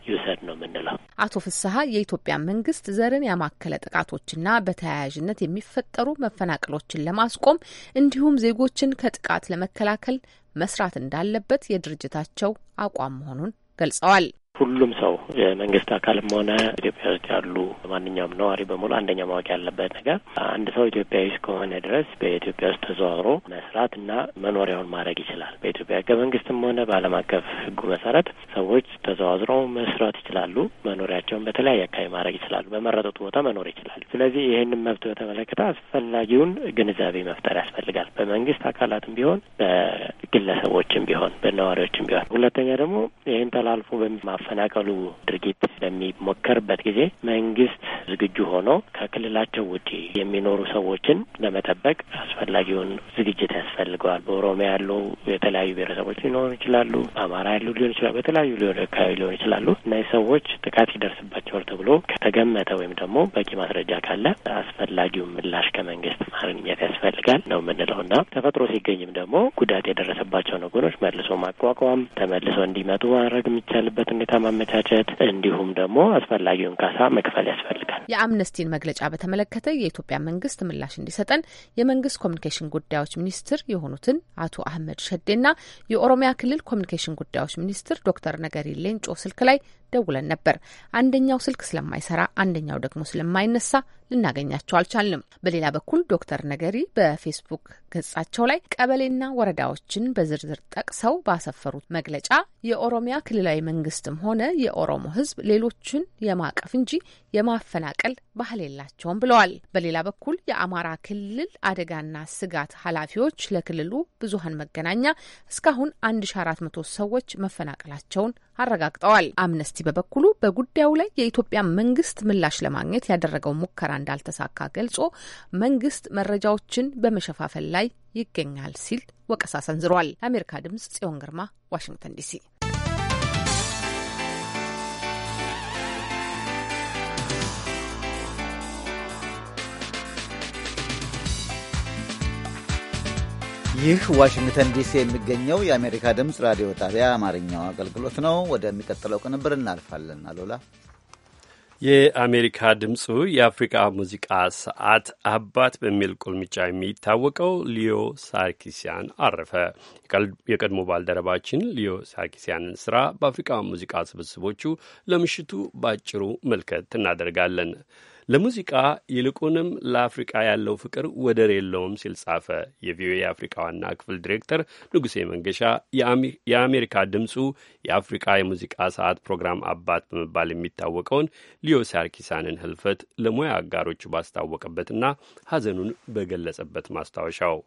ይውሰድ ነው የምንለው። አቶ ፍስሀ የኢትዮጵያ መንግስት ዘርን ያማከለ ጥቃቶችና በተያያዥነት የሚፈጠሩ መፈናቀሎችን ለማስቆም እንዲሁም ዜጎችን ከጥቃት ለመከላከል መስራት እንዳለበት የድርጅታቸው አቋም መሆኑን ገልጸዋል። ሁሉም ሰው የመንግስት አካልም ሆነ ኢትዮጵያ ውስጥ ያሉ ማንኛውም ነዋሪ በሙሉ አንደኛ ማወቅ ያለበት ነገር አንድ ሰው ኢትዮጵያዊ እስከሆነ ድረስ በኢትዮጵያ ውስጥ ተዘዋውሮ መስራት እና መኖሪያውን ማድረግ ይችላል። በኢትዮጵያ ህገ መንግስትም ሆነ በዓለም አቀፍ ህጉ መሰረት ሰዎች ተዘዋዝረው መስራት ይችላሉ። መኖሪያቸውን በተለያየ አካባቢ ማድረግ ይችላሉ። በመረጡት ቦታ መኖር ይችላሉ። ስለዚህ ይህንን መብት በተመለከተ አስፈላጊውን ግንዛቤ መፍጠር ያስፈልጋል። በመንግስት አካላትም ቢሆን፣ በግለሰቦችም ቢሆን፣ በነዋሪዎችም ቢሆን። ሁለተኛ ደግሞ ይህን ተላልፎ በሚማፍ የማፈናቀሉ ድርጊት በሚሞከርበት ጊዜ መንግስት ዝግጁ ሆኖ ከክልላቸው ውጪ የሚኖሩ ሰዎችን ለመጠበቅ አስፈላጊውን ዝግጅት ያስፈልገዋል። በኦሮሚያ ያሉ የተለያዩ ብሔረሰቦች ሊኖሩ ይችላሉ። በአማራ ያሉ ሊሆን ይችላሉ። በተለያዩ አካባቢ ሊሆን ይችላሉ። እነዚህ ሰዎች ጥቃት ይደርስባቸዋል ተብሎ ከተገመተ ወይም ደግሞ በቂ ማስረጃ ካለ አስፈላጊውን ምላሽ ከመንግስት ማግኘት ያስፈልጋል ነው የምንለው እና ተፈጥሮ ሲገኝም ደግሞ ጉዳት የደረሰባቸውን ወገኖች መልሶ ማቋቋም፣ ተመልሶ እንዲመጡ ማድረግ የሚቻልበት ሁኔታ ማመቻቸት እንዲሁም ደግሞ አስፈላጊውን ካሳ መክፈል ያስፈልጋል። የአምነስቲን መግለጫ በተመለከተ የኢትዮጵያ መንግስት ምላሽ እንዲሰጠን የመንግስት ኮሚኒኬሽን ጉዳዮች ሚኒስትር የሆኑትን አቶ አህመድ ሸዴና የኦሮሚያ ክልል ኮሚኒኬሽን ጉዳዮች ሚኒስትር ዶክተር ነገሪ ሌንጮ ስልክ ላይ ደውለን ነበር። አንደኛው ስልክ ስለማይሰራ፣ አንደኛው ደግሞ ስለማይነሳ ልናገኛቸው አልቻልንም። በሌላ በኩል ዶክተር ነገሪ በፌስቡክ ገጻቸው ላይ ቀበሌና ወረዳዎችን በዝርዝር ጠቅሰው ባሰፈሩት መግለጫ የኦሮሚያ ክልላዊ መንግስትም ሆነ የኦሮሞ ሕዝብ ሌሎችን የማቀፍ እንጂ የማፈናቀል ባህል የላቸውም ብለዋል። በሌላ በኩል የአማራ ክልል አደጋና ስጋት ኃላፊዎች ለክልሉ ብዙሀን መገናኛ እስካሁን 1400 ሰዎች መፈናቀላቸውን አረጋግጠዋል። አምነስቲ ዩኒቨርሲቲ በበኩሉ በጉዳዩ ላይ የኢትዮጵያ መንግስት ምላሽ ለማግኘት ያደረገው ሙከራ እንዳልተሳካ ገልጾ መንግስት መረጃዎችን በመሸፋፈል ላይ ይገኛል ሲል ወቀሳ ሰንዝሯል። ለአሜሪካ ድምጽ ጽዮን ግርማ ዋሽንግተን ዲሲ ይህ ዋሽንግተን ዲሲ የሚገኘው የአሜሪካ ድምፅ ራዲዮ ጣቢያ አማርኛው አገልግሎት ነው። ወደሚቀጥለው ቅንብር እናልፋለን። አሉላ የአሜሪካ ድምፁ የአፍሪቃ ሙዚቃ ሰዓት አባት በሚል ቁልምጫ የሚታወቀው ሊዮ ሳርኪሲያን አረፈ። የቀድሞ ባልደረባችን ሊዮ ሳርኪሲያንን ስራ በአፍሪቃ ሙዚቃ ስብስቦቹ ለምሽቱ ባጭሩ መልከት እናደርጋለን። ለሙዚቃ ይልቁንም ለአፍሪቃ ያለው ፍቅር ወደር የለውም ሲል ጻፈ። የቪኦኤ የአፍሪቃ ዋና ክፍል ዲሬክተር ንጉሴ መንገሻ የአሜሪካ ድምፁ የአፍሪቃ የሙዚቃ ሰዓት ፕሮግራም አባት በመባል የሚታወቀውን ሊዮ ሳርኪሳንን ህልፈት ለሙያ አጋሮቹ ባስታወቀበትና ሐዘኑን በገለጸበት ማስታወሻው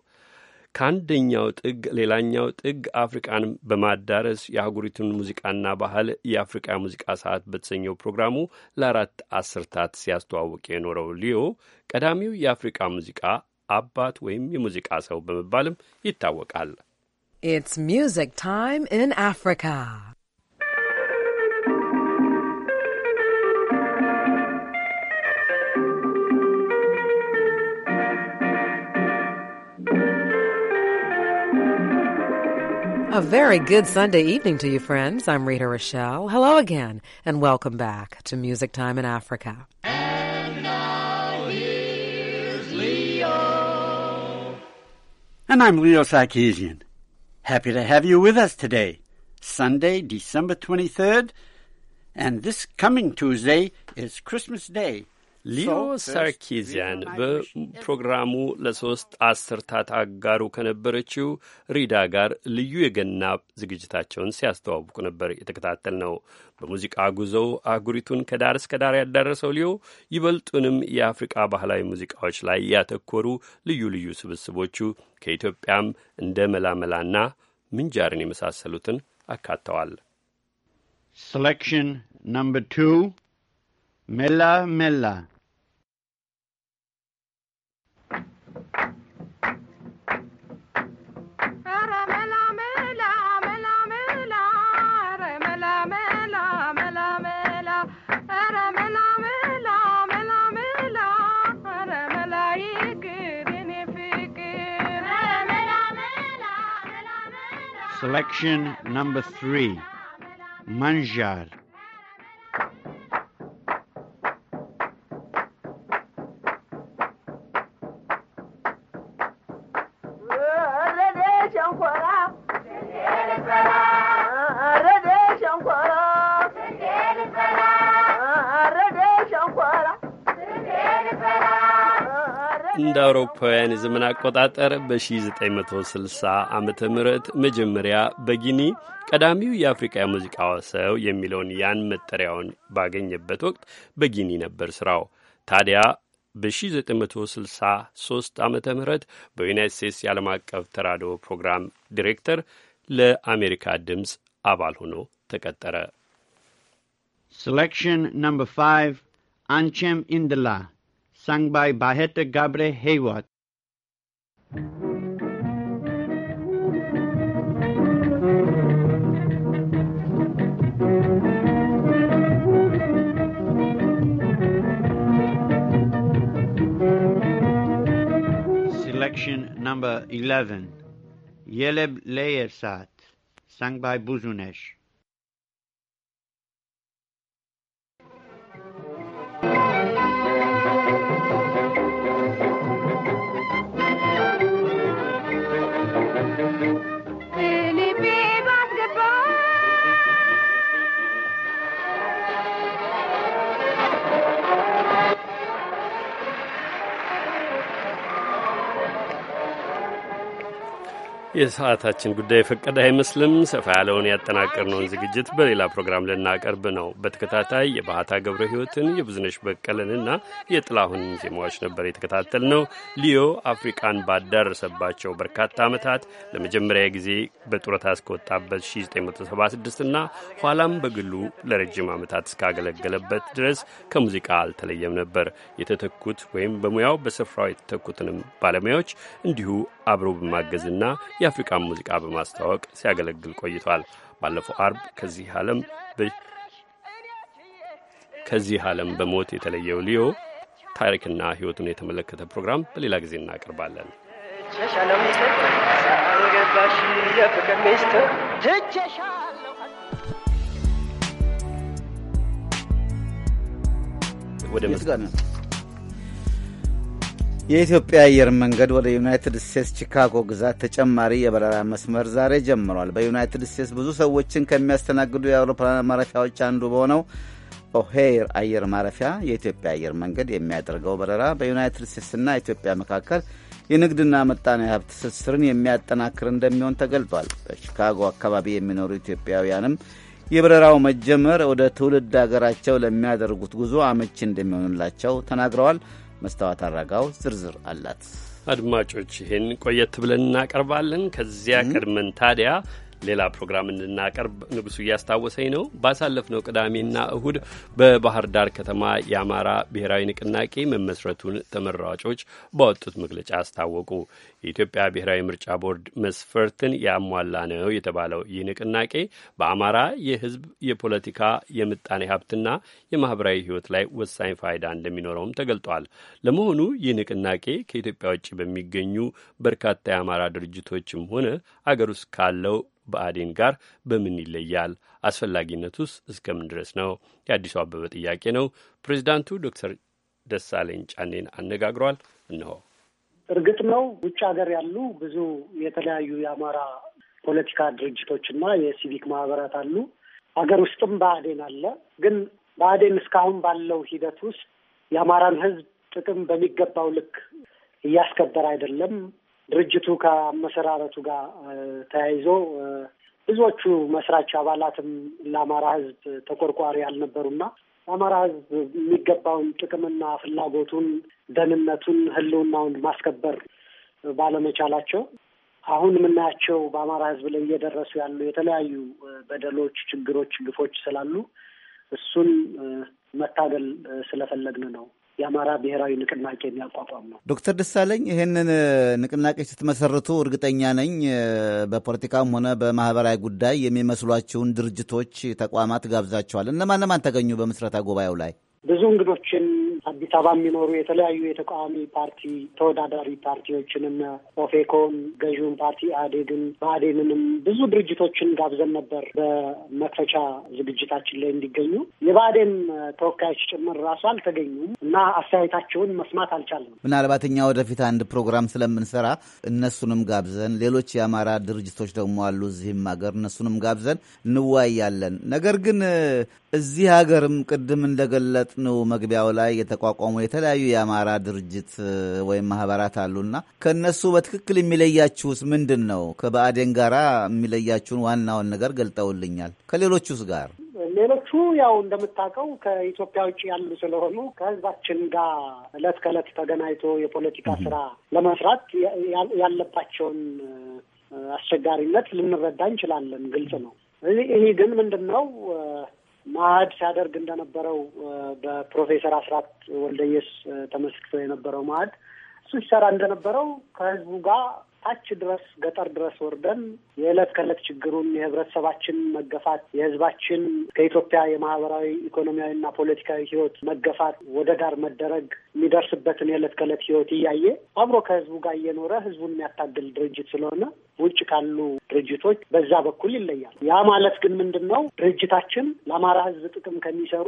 ከአንደኛው ጥግ ሌላኛው ጥግ አፍሪቃን በማዳረስ የአህጉሪቱን ሙዚቃና ባህል የአፍሪቃ ሙዚቃ ሰዓት በተሰኘው ፕሮግራሙ ለአራት አስርታት ሲያስተዋውቅ የኖረው ሊዮ ቀዳሚው የአፍሪቃ ሙዚቃ አባት ወይም የሙዚቃ ሰው በመባልም ይታወቃል። It's music time in Africa. A very good Sunday evening to you, friends. I'm Rita Rochelle. Hello again, and welcome back to Music Time in Africa. And now here's Leo. And I'm Leo Sarkeesian. Happy to have you with us today, Sunday, December 23rd. And this coming Tuesday is Christmas Day. ሊዮ ሳርኪዚያን በፕሮግራሙ ለሶስት አስርታት አጋሩ ከነበረችው ሪዳ ጋር ልዩ የገና ዝግጅታቸውን ሲያስተዋውቁ ነበር የተከታተል ነው። በሙዚቃ ጉዞው አህጉሪቱን ከዳር እስከ ዳር ያዳረሰው ሊዮ ይበልጡንም የአፍሪቃ ባህላዊ ሙዚቃዎች ላይ ያተኮሩ ልዩ ልዩ ስብስቦቹ ከኢትዮጵያም እንደ መላመላና ምንጃርን የመሳሰሉትን አካተዋል። ሴሌክሽን ነምበር ቱ Mela, mela. Selection number three, Manjar. አውሮፓውያን የዘመን አቆጣጠር በ1960 ዓመተ ምህረት መጀመሪያ በጊኒ ቀዳሚው የአፍሪቃ የሙዚቃ ሰው የሚለውን ያን መጠሪያውን ባገኘበት ወቅት በጊኒ ነበር ስራው። ታዲያ በ1963 ዓመተ ምህረት በዩናይት ስቴትስ የዓለም አቀፍ ተራድኦ ፕሮግራም ዲሬክተር ለአሜሪካ ድምፅ አባል ሆኖ ተቀጠረ። ሴሌክሽን ነምበር 5 አንቼም ኢንድላ sung by Bahete Gabre Hayward. Selection number 11, Yeleb Leersat, sung by Buzunesh. የሰዓታችን ጉዳይ ፈቀደ አይመስልም። ሰፋ ያለውን ያጠናቀርነውን ዝግጅት በሌላ ፕሮግራም ልናቀርብ ነው። በተከታታይ የባህታ ገብረ ሕይወትን የብዙነሽ በቀለንና የጥላሁን ዜማዎች ነበር የተከታተል ነው። ሊዮ አፍሪቃን ባዳረሰባቸው በርካታ ዓመታት ለመጀመሪያ ጊዜ በጡረታ እስከወጣበት 1976 እና ኋላም በግሉ ለረጅም ዓመታት እስካገለገለበት ድረስ ከሙዚቃ አልተለየም ነበር። የተተኩት ወይም በሙያው በስፍራው የተተኩትንም ባለሙያዎች እንዲሁ አብሮ በማገዝና የአፍሪካን ሙዚቃ በማስተዋወቅ ሲያገለግል ቆይቷል። ባለፈው አርብ ከዚህ ዓለም ከዚህ ዓለም በሞት የተለየው ሊዮ ታሪክና ሕይወቱን የተመለከተ ፕሮግራም በሌላ ጊዜ እናቀርባለን። ወደ የኢትዮጵያ አየር መንገድ ወደ ዩናይትድ ስቴትስ ቺካጎ ግዛት ተጨማሪ የበረራ መስመር ዛሬ ጀምሯል። በዩናይትድ ስቴትስ ብዙ ሰዎችን ከሚያስተናግዱ የአውሮፕላን ማረፊያዎች አንዱ በሆነው ኦሄር አየር ማረፊያ የኢትዮጵያ አየር መንገድ የሚያደርገው በረራ በዩናይትድ ስቴትስና ኢትዮጵያ መካከል የንግድና መጣኔ ሀብት ትስስርን የሚያጠናክር እንደሚሆን ተገልጧል። በቺካጎ አካባቢ የሚኖሩ ኢትዮጵያውያንም የበረራው መጀመር ወደ ትውልድ አገራቸው ለሚያደርጉት ጉዞ አመቺ እንደሚሆንላቸው ተናግረዋል። መስታወት አድራጋው ዝርዝር አላት። አድማጮች ይህን ቆየት ብለን እናቀርባለን። ከዚያ ቀድመን ታዲያ ሌላ ፕሮግራም እንድናቀርብ ንጉሱ እያስታወሰኝ ነው። ባሳለፍነው ቅዳሜና እሁድ በባህር ዳር ከተማ የአማራ ብሔራዊ ንቅናቄ መመስረቱን ተመራጮች ባወጡት መግለጫ አስታወቁ። የኢትዮጵያ ብሔራዊ ምርጫ ቦርድ መስፈርትን ያሟላ ነው የተባለው ይህ ንቅናቄ በአማራ የህዝብ የፖለቲካ የምጣኔ ሀብትና የማህበራዊ ህይወት ላይ ወሳኝ ፋይዳ እንደሚኖረውም ተገልጧል። ለመሆኑ ይህ ንቅናቄ ከኢትዮጵያ ውጭ በሚገኙ በርካታ የአማራ ድርጅቶችም ሆነ አገር ውስጥ ካለው ብአዴን ጋር በምን ይለያል? አስፈላጊነቱስ እስከምን ድረስ ነው? የአዲሱ አበበ ጥያቄ ነው። ፕሬዚዳንቱ ዶክተር ደሳለኝ ጫኔን አነጋግሯል። እንሆ እርግጥ ነው ውጭ ሀገር ያሉ ብዙ የተለያዩ የአማራ ፖለቲካ ድርጅቶች እና የሲቪክ ማህበራት አሉ። ሀገር ውስጥም ብአዴን አለ። ግን ብአዴን እስካሁን ባለው ሂደት ውስጥ የአማራን ህዝብ ጥቅም በሚገባው ልክ እያስከበረ አይደለም። ድርጅቱ ከመሰራረቱ ጋር ተያይዞ ብዙዎቹ መስራች አባላትም ለአማራ ሕዝብ ተቆርቋሪ ያልነበሩና አማራ ሕዝብ የሚገባውን ጥቅምና ፍላጎቱን፣ ደህንነቱን፣ ህልውናውን ማስከበር ባለመቻላቸው አሁን የምናያቸው በአማራ ሕዝብ ላይ እየደረሱ ያሉ የተለያዩ በደሎች፣ ችግሮች፣ ግፎች ስላሉ እሱን መታገል ስለፈለግን ነው የአማራ ብሔራዊ ንቅናቄ የሚያቋቋም ነው። ዶክተር ደሳለኝ ይህንን ንቅናቄ ስትመሰርቱ እርግጠኛ ነኝ በፖለቲካም ሆነ በማህበራዊ ጉዳይ የሚመስሏችሁን ድርጅቶች፣ ተቋማት ጋብዛቸዋል። እነማን እነማን ተገኙ በምስረታ ጉባኤው ላይ? ብዙ እንግዶችን አዲስ አበባ የሚኖሩ የተለያዩ የተቃዋሚ ፓርቲ ተወዳዳሪ ፓርቲዎችንም ኦፌኮን፣ ገዢውን ፓርቲ ኢህአዴግን፣ ብአዴንንም ብዙ ድርጅቶችን ጋብዘን ነበር በመክፈቻ ዝግጅታችን ላይ እንዲገኙ። የብአዴን ተወካዮች ጭምር ራሱ አልተገኙም እና አስተያየታቸውን መስማት አልቻለም። ምናልባት እኛ ወደፊት አንድ ፕሮግራም ስለምንሰራ እነሱንም ጋብዘን ሌሎች የአማራ ድርጅቶች ደግሞ አሉ እዚህም ሀገር እነሱንም ጋብዘን እንወያያለን። ነገር ግን እዚህ ሀገርም ቅድም እንደገለጥነው መግቢያው ላይ የተቋቋሙ የተለያዩ የአማራ ድርጅት ወይም ማህበራት አሉና ከእነሱ በትክክል የሚለያችሁስ ምንድን ነው? ከብአዴን ጋራ የሚለያችሁን ዋናውን ነገር ገልጠውልኛል። ከሌሎቹስ ጋር ሌሎቹ ያው እንደምታውቀው ከኢትዮጵያ ውጭ ያሉ ስለሆኑ ከህዝባችን ጋር እለት ከእለት ተገናኝቶ የፖለቲካ ስራ ለመስራት ያለባቸውን አስቸጋሪነት ልንረዳ እንችላለን። ግልጽ ነው። ይህ ግን ምንድን ነው ማዕድ ሲያደርግ እንደነበረው በፕሮፌሰር አስራት ወልደየስ ተመስክቶ የነበረው ማዕድ እሱ ሲሰራ እንደነበረው ከህዝቡ ጋር ታች ድረስ ገጠር ድረስ ወርደን የዕለት ከዕለት ችግሩን የህብረተሰባችን መገፋት የህዝባችን ከኢትዮጵያ የማህበራዊ ኢኮኖሚያዊና ፖለቲካዊ ህይወት መገፋት ወደ ዳር መደረግ የሚደርስበትን የዕለት ከዕለት ህይወት እያየ አብሮ ከህዝቡ ጋር እየኖረ ህዝቡን የሚያታግል ድርጅት ስለሆነ ውጭ ካሉ ድርጅቶች በዛ በኩል ይለያል። ያ ማለት ግን ምንድን ነው? ድርጅታችን ለአማራ ህዝብ ጥቅም ከሚሰሩ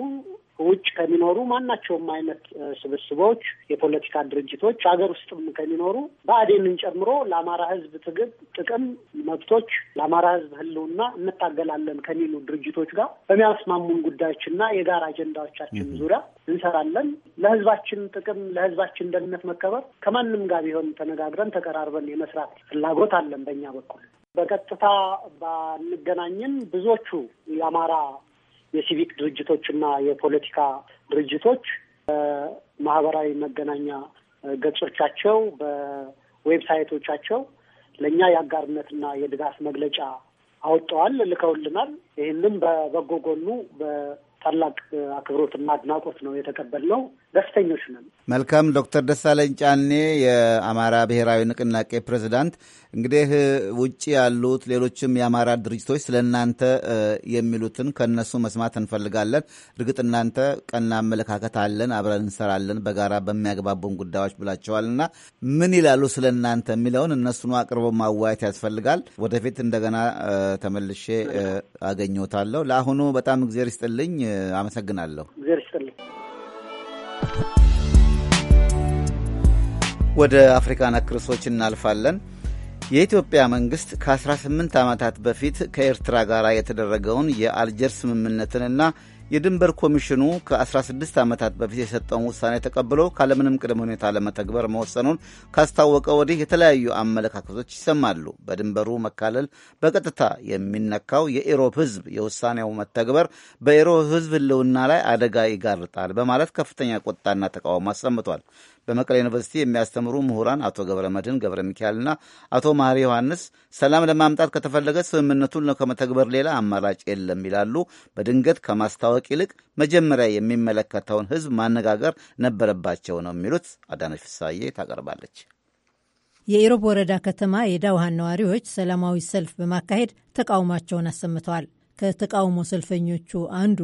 ውጭ ከሚኖሩ ማናቸውም አይነት ስብስቦች፣ የፖለቲካ ድርጅቶች ሀገር ውስጥም ከሚኖሩ ብአዴንን ጨምሮ ለአማራ ህዝብ ትግል ጥቅም፣ መብቶች ለአማራ ህዝብ ህልውና እንታገላለን ከሚሉ ድርጅቶች ጋር በሚያስማሙን ጉዳዮችና የጋራ አጀንዳዎቻችን ዙሪያ እንሰራለን። ለህዝባችን ጥቅም፣ ለህዝባችን ደህንነት መከበር ከማንም ጋር ቢሆን ተነጋግረን ተቀራርበን የመስራት ፍላጎት አለን በእኛ በኩል። በቀጥታ ባንገናኝም ብዙዎቹ የአማራ የሲቪክ ድርጅቶችና የፖለቲካ ድርጅቶች በማህበራዊ መገናኛ ገጾቻቸው፣ በዌብሳይቶቻቸው ለእኛ የአጋርነትና የድጋፍ መግለጫ አወጥተዋል፣ ልከውልናል። ይህንም በበጎ ጎኑ በታላቅ አክብሮትና አድናቆት ነው የተቀበልነው። ደስተኞች ነን። መልካም ዶክተር ደሳለኝ ጫኔ የአማራ ብሔራዊ ንቅናቄ ፕሬዚዳንት፣ እንግዲህ ውጭ ያሉት ሌሎችም የአማራ ድርጅቶች ስለ እናንተ የሚሉትን ከእነሱ መስማት እንፈልጋለን። እርግጥ እናንተ ቀና አመለካከት አለን፣ አብረን እንሰራለን፣ በጋራ በሚያግባቡን ጉዳዮች ብላቸዋል እና ምን ይላሉ ስለ እናንተ የሚለውን እነሱን አቅርቦ ማዋየት ያስፈልጋል። ወደፊት እንደገና ተመልሼ አገኘታለሁ። ለአሁኑ በጣም እግዜር ይስጥልኝ፣ አመሰግናለሁ። እግዜር ይስጥልኝ። ወደ አፍሪካ ነክ ርዕሶች እናልፋለን። የኢትዮጵያ መንግሥት ከ18 ዓመታት በፊት ከኤርትራ ጋር የተደረገውን የአልጀር ስምምነትንና የድንበር ኮሚሽኑ ከ16 ዓመታት በፊት የሰጠውን ውሳኔ ተቀብሎ ካለምንም ቅድመ ሁኔታ ለመተግበር መወሰኑን ካስታወቀ ወዲህ የተለያዩ አመለካከቶች ይሰማሉ። በድንበሩ መካለል በቀጥታ የሚነካው የኢሮብ ሕዝብ የውሳኔው መተግበር በኢሮብ ሕዝብ ሕልውና ላይ አደጋ ይጋርጣል በማለት ከፍተኛ ቁጣና ተቃውሞ አሰምቷል። በመቀሌ ዩኒቨርሲቲ የሚያስተምሩ ምሁራን አቶ ገብረ መድህን ገብረ ሚካኤልና አቶ ማሪ ዮሐንስ ሰላም ለማምጣት ከተፈለገ ስምምነቱን ከመተግበር ሌላ አማራጭ የለም ይላሉ። በድንገት ከማስታወቅ ይልቅ መጀመሪያ የሚመለከተውን ሕዝብ ማነጋገር ነበረባቸው ነው የሚሉት አዳነች ፍሳዬ ታቀርባለች። የኢሮብ ወረዳ ከተማ የዳውሃን ነዋሪዎች ሰላማዊ ሰልፍ በማካሄድ ተቃውሟቸውን አሰምተዋል። ከተቃውሞ ሰልፈኞቹ አንዱ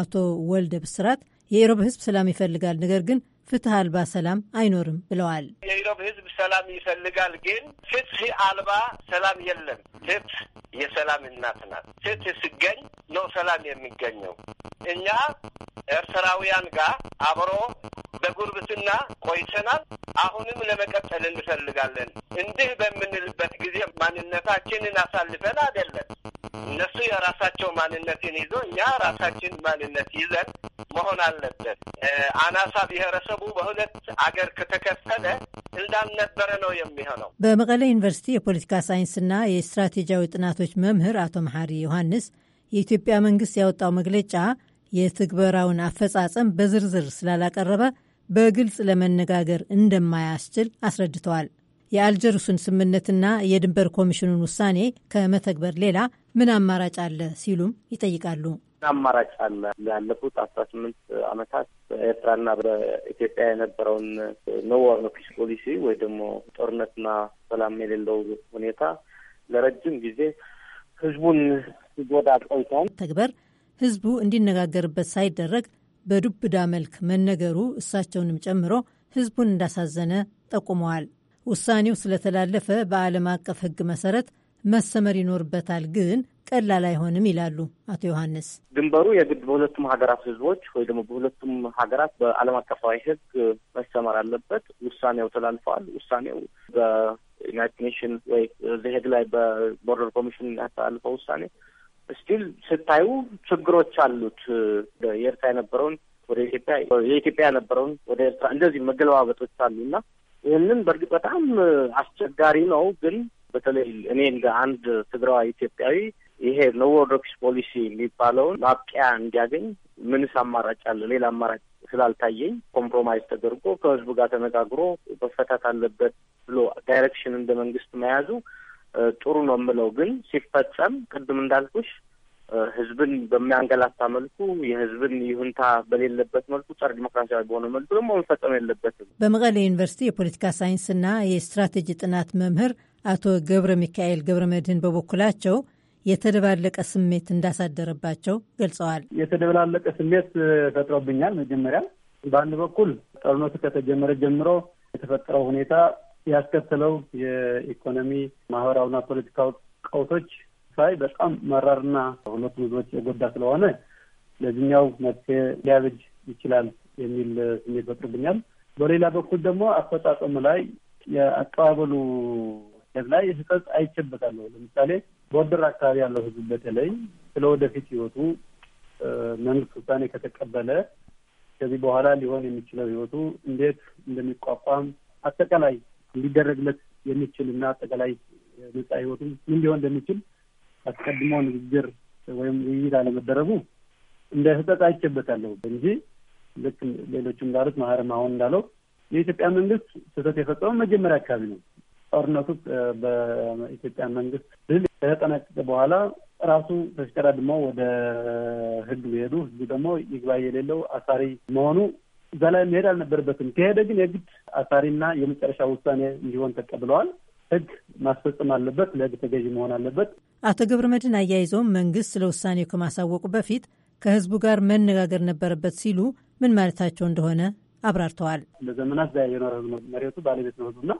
አቶ ወልደ ብስራት የኢሮብ ህዝብ ሰላም ይፈልጋል፣ ነገር ግን ፍትህ አልባ ሰላም አይኖርም ብለዋል። የኢሮብ ህዝብ ሰላም ይፈልጋል፣ ግን ፍትህ አልባ ሰላም የለም። ፍትህ የሰላም እናት ናት። ፍትህ ሲገኝ ነው ሰላም የሚገኘው። እኛ ኤርትራውያን ጋር አብሮ በጉርብትና ቆይተናል። አሁንም ለመቀጠል እንፈልጋለን። እንዲህ በምንልበት ጊዜ ማንነታችንን አሳልፈን አይደለም። እነሱ የራሳቸው ማንነትን ይዞ እኛ ራሳችን ማንነት ይዘን መሆን አለብን። አናሳ ብሔረሰቡ በሁለት አገር ከተከፈለ እንዳልነበረ ነው የሚሆነው። በመቀለ ዩኒቨርሲቲ የፖለቲካ ሳይንስና የስትራቴጂያዊ ጥናቶች መምህር አቶ መሐሪ ዮሐንስ የኢትዮጵያ መንግስት ያወጣው መግለጫ የትግበራውን አፈጻጸም በዝርዝር ስላላቀረበ በግልጽ ለመነጋገር እንደማያስችል አስረድተዋል። የአልጀርሱን ስምምነትና የድንበር ኮሚሽኑን ውሳኔ ከመተግበር ሌላ ምን አማራጭ አለ ሲሉም ይጠይቃሉ። ምን አማራጭ አለ? ያለፉት አስራ ስምንት አመታት በኤርትራና በኢትዮጵያ የነበረውን ኖ ዋር ኖ ፒስ ፖሊሲ ወይ ደግሞ ጦርነትና ሰላም የሌለው ሁኔታ ለረጅም ጊዜ ህዝቡን ሲጎዳ ቆይቷል። ተግበር ህዝቡ እንዲነጋገርበት ሳይደረግ በዱብዳ መልክ መነገሩ እሳቸውንም ጨምሮ ህዝቡን እንዳሳዘነ ጠቁመዋል። ውሳኔው ስለተላለፈ በዓለም አቀፍ ህግ መሰረት መሰመር ይኖርበታል፣ ግን ቀላል አይሆንም ይላሉ አቶ ዮሐንስ። ድንበሩ የግድ በሁለቱም ሀገራት ህዝቦች ወይ ደግሞ በሁለቱም ሀገራት በዓለም አቀፋዊ ህግ መሰመር አለበት። ውሳኔው ተላልፈዋል። ውሳኔው በዩናይትድ ኔሽን ወይ ዘ ላይ በቦርደር ኮሚሽን ያስተላልፈው ውሳኔ ስቲል ስታዩ ችግሮች አሉት። የኤርትራ የነበረውን ወደ ኢትዮጵያ፣ የኢትዮጵያ የነበረውን ወደ ኤርትራ እንደዚህ መገለባበጦች አሉና ይህንን በእርግጥ በጣም አስቸጋሪ ነው። ግን በተለይ እኔ እንደ አንድ ትግራዋ ኢትዮጵያዊ ይሄ ኖወዶክስ ፖሊሲ የሚባለውን ማብቂያ እንዲያገኝ ምንስ አማራጭ አለ? ሌላ አማራጭ ስላልታየኝ ኮምፕሮማይዝ ተደርጎ ከህዝቡ ጋር ተነጋግሮ መፈታት አለበት ብሎ ዳይሬክሽን እንደ መንግስት መያዙ ጥሩ ነው የምለው ግን ሲፈጸም ቅድም እንዳልኩሽ ህዝብን በሚያንገላታ መልኩ የህዝብን ይሁንታ በሌለበት መልኩ ጸረ ዲሞክራሲያዊ በሆነ መልኩ ደግሞ መፈጸም የለበትም። በመቀሌ ዩኒቨርሲቲ የፖለቲካ ሳይንስና የስትራቴጂ ጥናት መምህር አቶ ገብረ ሚካኤል ገብረ መድህን በበኩላቸው የተደባለቀ ስሜት እንዳሳደረባቸው ገልጸዋል። የተደበላለቀ ስሜት ፈጥሮብኛል። መጀመሪያ በአንድ በኩል ጦርነቱ ከተጀመረ ጀምሮ የተፈጠረው ሁኔታ ያስከተለው የኢኮኖሚ ማህበራዊና ፖለቲካዊ ቀውሶች ሳይ በጣም መራርና ሁለቱም ህዝቦች የጎዳ ስለሆነ ለዚህኛው መፍትሄ ሊያበጅ ይችላል የሚል ስሜት ይፈጥርብኛል። በሌላ በኩል ደግሞ አፈጻጸሙ ላይ የአቀባበሉ ላይ ህጸጽ አይቸበታለሁ። ለምሳሌ ቦርደር አካባቢ ያለው ህዝብ በተለይ ስለ ወደፊት ህይወቱ መንግስት ውሳኔ ከተቀበለ ከዚህ በኋላ ሊሆን የሚችለው ህይወቱ እንዴት እንደሚቋቋም አጠቃላይ ሊደረግለት የሚችል እና አጠቃላይ ነጻ ህይወቱ ምን ሊሆን እንደሚችል አስቀድሞ ንግግር ወይም ውይይት አለመደረጉ እንደ ህጠት አይቼበታለሁ እንጂ ልክ ሌሎች እንዳሉት ማህርም አሁን እንዳለው የኢትዮጵያ መንግስት ስህተት የፈጸመው መጀመሪያ አካባቢ ነው። ጦርነቱ በኢትዮጵያ መንግስት ድል ከተጠናቀቀ በኋላ ራሱ ተሽቀዳድሞ ወደ ህግ ሄዱ። ህግ ደግሞ ይግባይ የሌለው አሳሪ መሆኑ እዛ ላይ መሄድ አልነበረበትም። ከሄደ ግን የግድ አሳሪና የመጨረሻ ውሳኔ እንዲሆን ተቀብለዋል። ህግ ማስፈጸም አለበት፣ ለህግ ተገዥ መሆን አለበት። አቶ ገብረ መድህን አያይዘውም መንግስት ስለ ውሳኔው ከማሳወቁ በፊት ከህዝቡ ጋር መነጋገር ነበረበት ሲሉ ምን ማለታቸው እንደሆነ አብራርተዋል። ለዘመናት ዛ የኖረ መሬቱ ባለቤት ነው ህዝቡና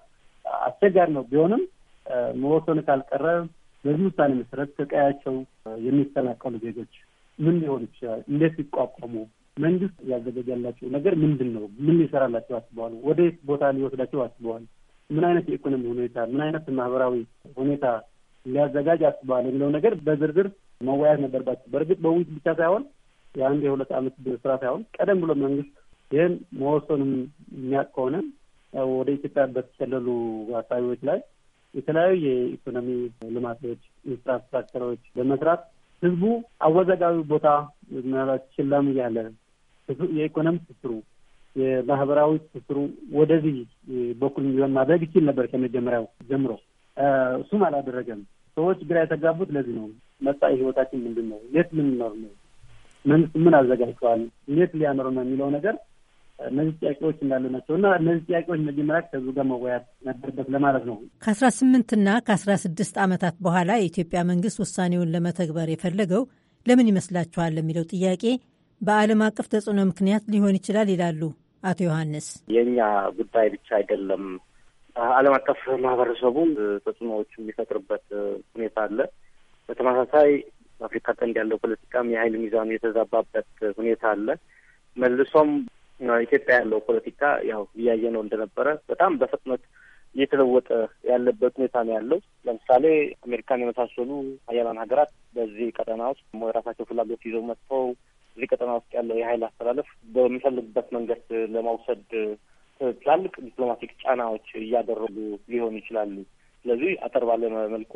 አስቸጋሪ ነው። ቢሆንም መወሰን ካልቀረ በዚህ ውሳኔ መሰረት ከቀያቸው የሚፈናቀሉ ዜጎች ምን ሊሆን ይችላል? እንዴት ይቋቋሙ መንግስት ያዘጋጃላቸው ነገር ምንድን ነው? ምን ሊሰራላቸው አስበዋል? ወደ የት ቦታ ሊወስዳቸው አስበዋል? ምን አይነት የኢኮኖሚ ሁኔታ፣ ምን አይነት ማህበራዊ ሁኔታ ሊያዘጋጅ አስበዋል የሚለው ነገር በዝርዝር መወያየት ነበርባቸው። በእርግጥ በውይይት ብቻ ሳይሆን የአንድ የሁለት ዓመት ስራ ሳይሆን ቀደም ብሎ መንግስት ይህን መወሰኑን የሚያውቅ ከሆነ ወደ ኢትዮጵያ በተሰለሉ አካባቢዎች ላይ የተለያዩ የኢኮኖሚ ልማቶች ኢንፍራስትራክቸሮች በመስራት ህዝቡ አወዛጋቢ ቦታ ምናልባት ችላም እያለ የኢኮኖሚ ትስስሩ፣ የማህበራዊ ትስስሩ ወደዚህ በኩል እንዲሆን ማድረግ ይችል ነበር ከመጀመሪያው ጀምሮ። እሱም አላደረገም። ሰዎች ግራ የተጋቡት ለዚህ ነው። መጣ ህይወታችን ምንድን ነው? የት ልንኖር ነው? መንግስት ምን አዘጋጅተዋል? የት ሊያኖር ነው የሚለው ነገር እነዚህ ጥያቄዎች እንዳሉ ናቸው እና እነዚህ ጥያቄዎች መጀመሪያ ከዙ ጋር መወያት ነበርበት ለማለት ነው። ከአስራ ስምንትና ከአስራ ስድስት ዓመታት በኋላ የኢትዮጵያ መንግስት ውሳኔውን ለመተግበር የፈለገው ለምን ይመስላችኋል ለሚለው ጥያቄ በዓለም አቀፍ ተጽዕኖ ምክንያት ሊሆን ይችላል ይላሉ አቶ ዮሐንስ። የእኛ ጉዳይ ብቻ አይደለም። ዓለም አቀፍ ማህበረሰቡ ተጽዕኖዎቹ የሚፈጥርበት ሁኔታ አለ። በተመሳሳይ በአፍሪካ ቀንድ ያለው ፖለቲካም የኃይል ሚዛኑ የተዛባበት ሁኔታ አለ። መልሶም ኢትዮጵያ ያለው ፖለቲካ ያው እያየ ነው እንደነበረ በጣም በፍጥነት እየተለወጠ ያለበት ሁኔታ ነው ያለው። ለምሳሌ አሜሪካን የመሳሰሉ ሀያላን ሀገራት በዚህ ቀጠና ውስጥ የራሳቸው ፍላጎት ይዘው መጥተው እዚህ ቀጠና ውስጥ ያለው የሀይል አስተላለፍ በሚፈልግበት መንገድ ለመውሰድ ትላልቅ ዲፕሎማቲክ ጫናዎች እያደረጉ ሊሆን ይችላሉ። ስለዚህ አጠር ባለ መልኩ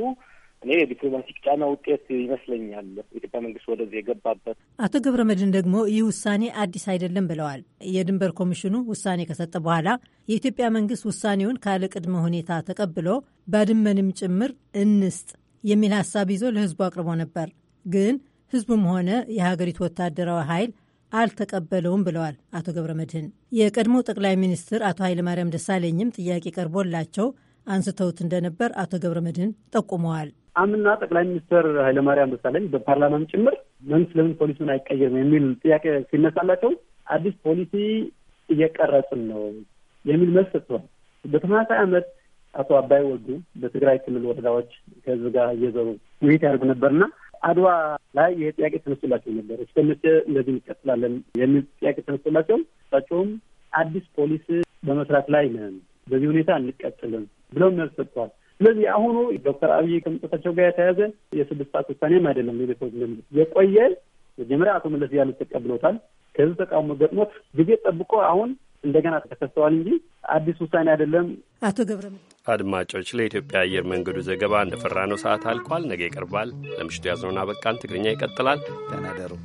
እኔ የዲፕሎማቲክ ጫና ውጤት ይመስለኛል የኢትዮጵያ መንግስት ወደዚህ የገባበት። አቶ ገብረ መድን ደግሞ ይህ ውሳኔ አዲስ አይደለም ብለዋል። የድንበር ኮሚሽኑ ውሳኔ ከሰጠ በኋላ የኢትዮጵያ መንግስት ውሳኔውን ካለ ቅድመ ሁኔታ ተቀብሎ ባድመንም ጭምር እንስጥ የሚል ሀሳብ ይዞ ለህዝቡ አቅርቦ ነበር ግን ህዝቡም ሆነ የሀገሪቱ ወታደራዊ ኃይል አልተቀበለውም ብለዋል አቶ ገብረ መድህን። የቀድሞ ጠቅላይ ሚኒስትር አቶ ኃይለማርያም ደሳለኝም ጥያቄ ቀርቦላቸው አንስተውት እንደነበር አቶ ገብረ መድህን ጠቁመዋል። አምና ጠቅላይ ሚኒስትር ኃይለማርያም ደሳለኝ በፓርላማም ጭምር መንግስት ለምን ፖሊሲን አይቀየርም የሚል ጥያቄ ሲነሳላቸው አዲስ ፖሊሲ እየቀረጽን ነው የሚል መልስ ሰጥተዋል። በተመሳሳይ አመት አቶ አባይ ወልዱ በትግራይ ክልል ወረዳዎች ከህዝብ ጋር እየዘሩ ውይይት ያደርጉ ነበርና አድዋ ላይ ይሄ ጥያቄ ተነስቶላቸው ነበር። እስከ መቼ እንደዚህ እንቀጥላለን የሚል ጥያቄ ተነስቶላቸው እሳቸውም አዲስ ፖሊስ በመስራት ላይ ነን፣ በዚህ ሁኔታ እንቀጥልም ብለው መልስ ሰጥተዋል። ስለዚህ አሁኑ ዶክተር አብይ ከመምጣታቸው ጋር የተያዘ የስድስት ሰዓት ውሳኔም አይደለም ሌሎች የቆየ መጀመሪያ አቶ መለስ ያሉት ተቀብሎታል። ከዚህ ተቃውሞ ገጥሞት ጊዜ ጠብቆ አሁን እንደገና ተከስተዋል እንጂ አዲስ ውሳኔ አይደለም። አቶ ገብረ አድማጮች ለኢትዮጵያ አየር መንገዱ ዘገባ እንደፈራነው ሰዓት አልቋል። ነገ ይቀርባል። ለምሽቱ ያዝነውን አበቃን። ትግርኛ ይቀጥላል። ደህና ደሩ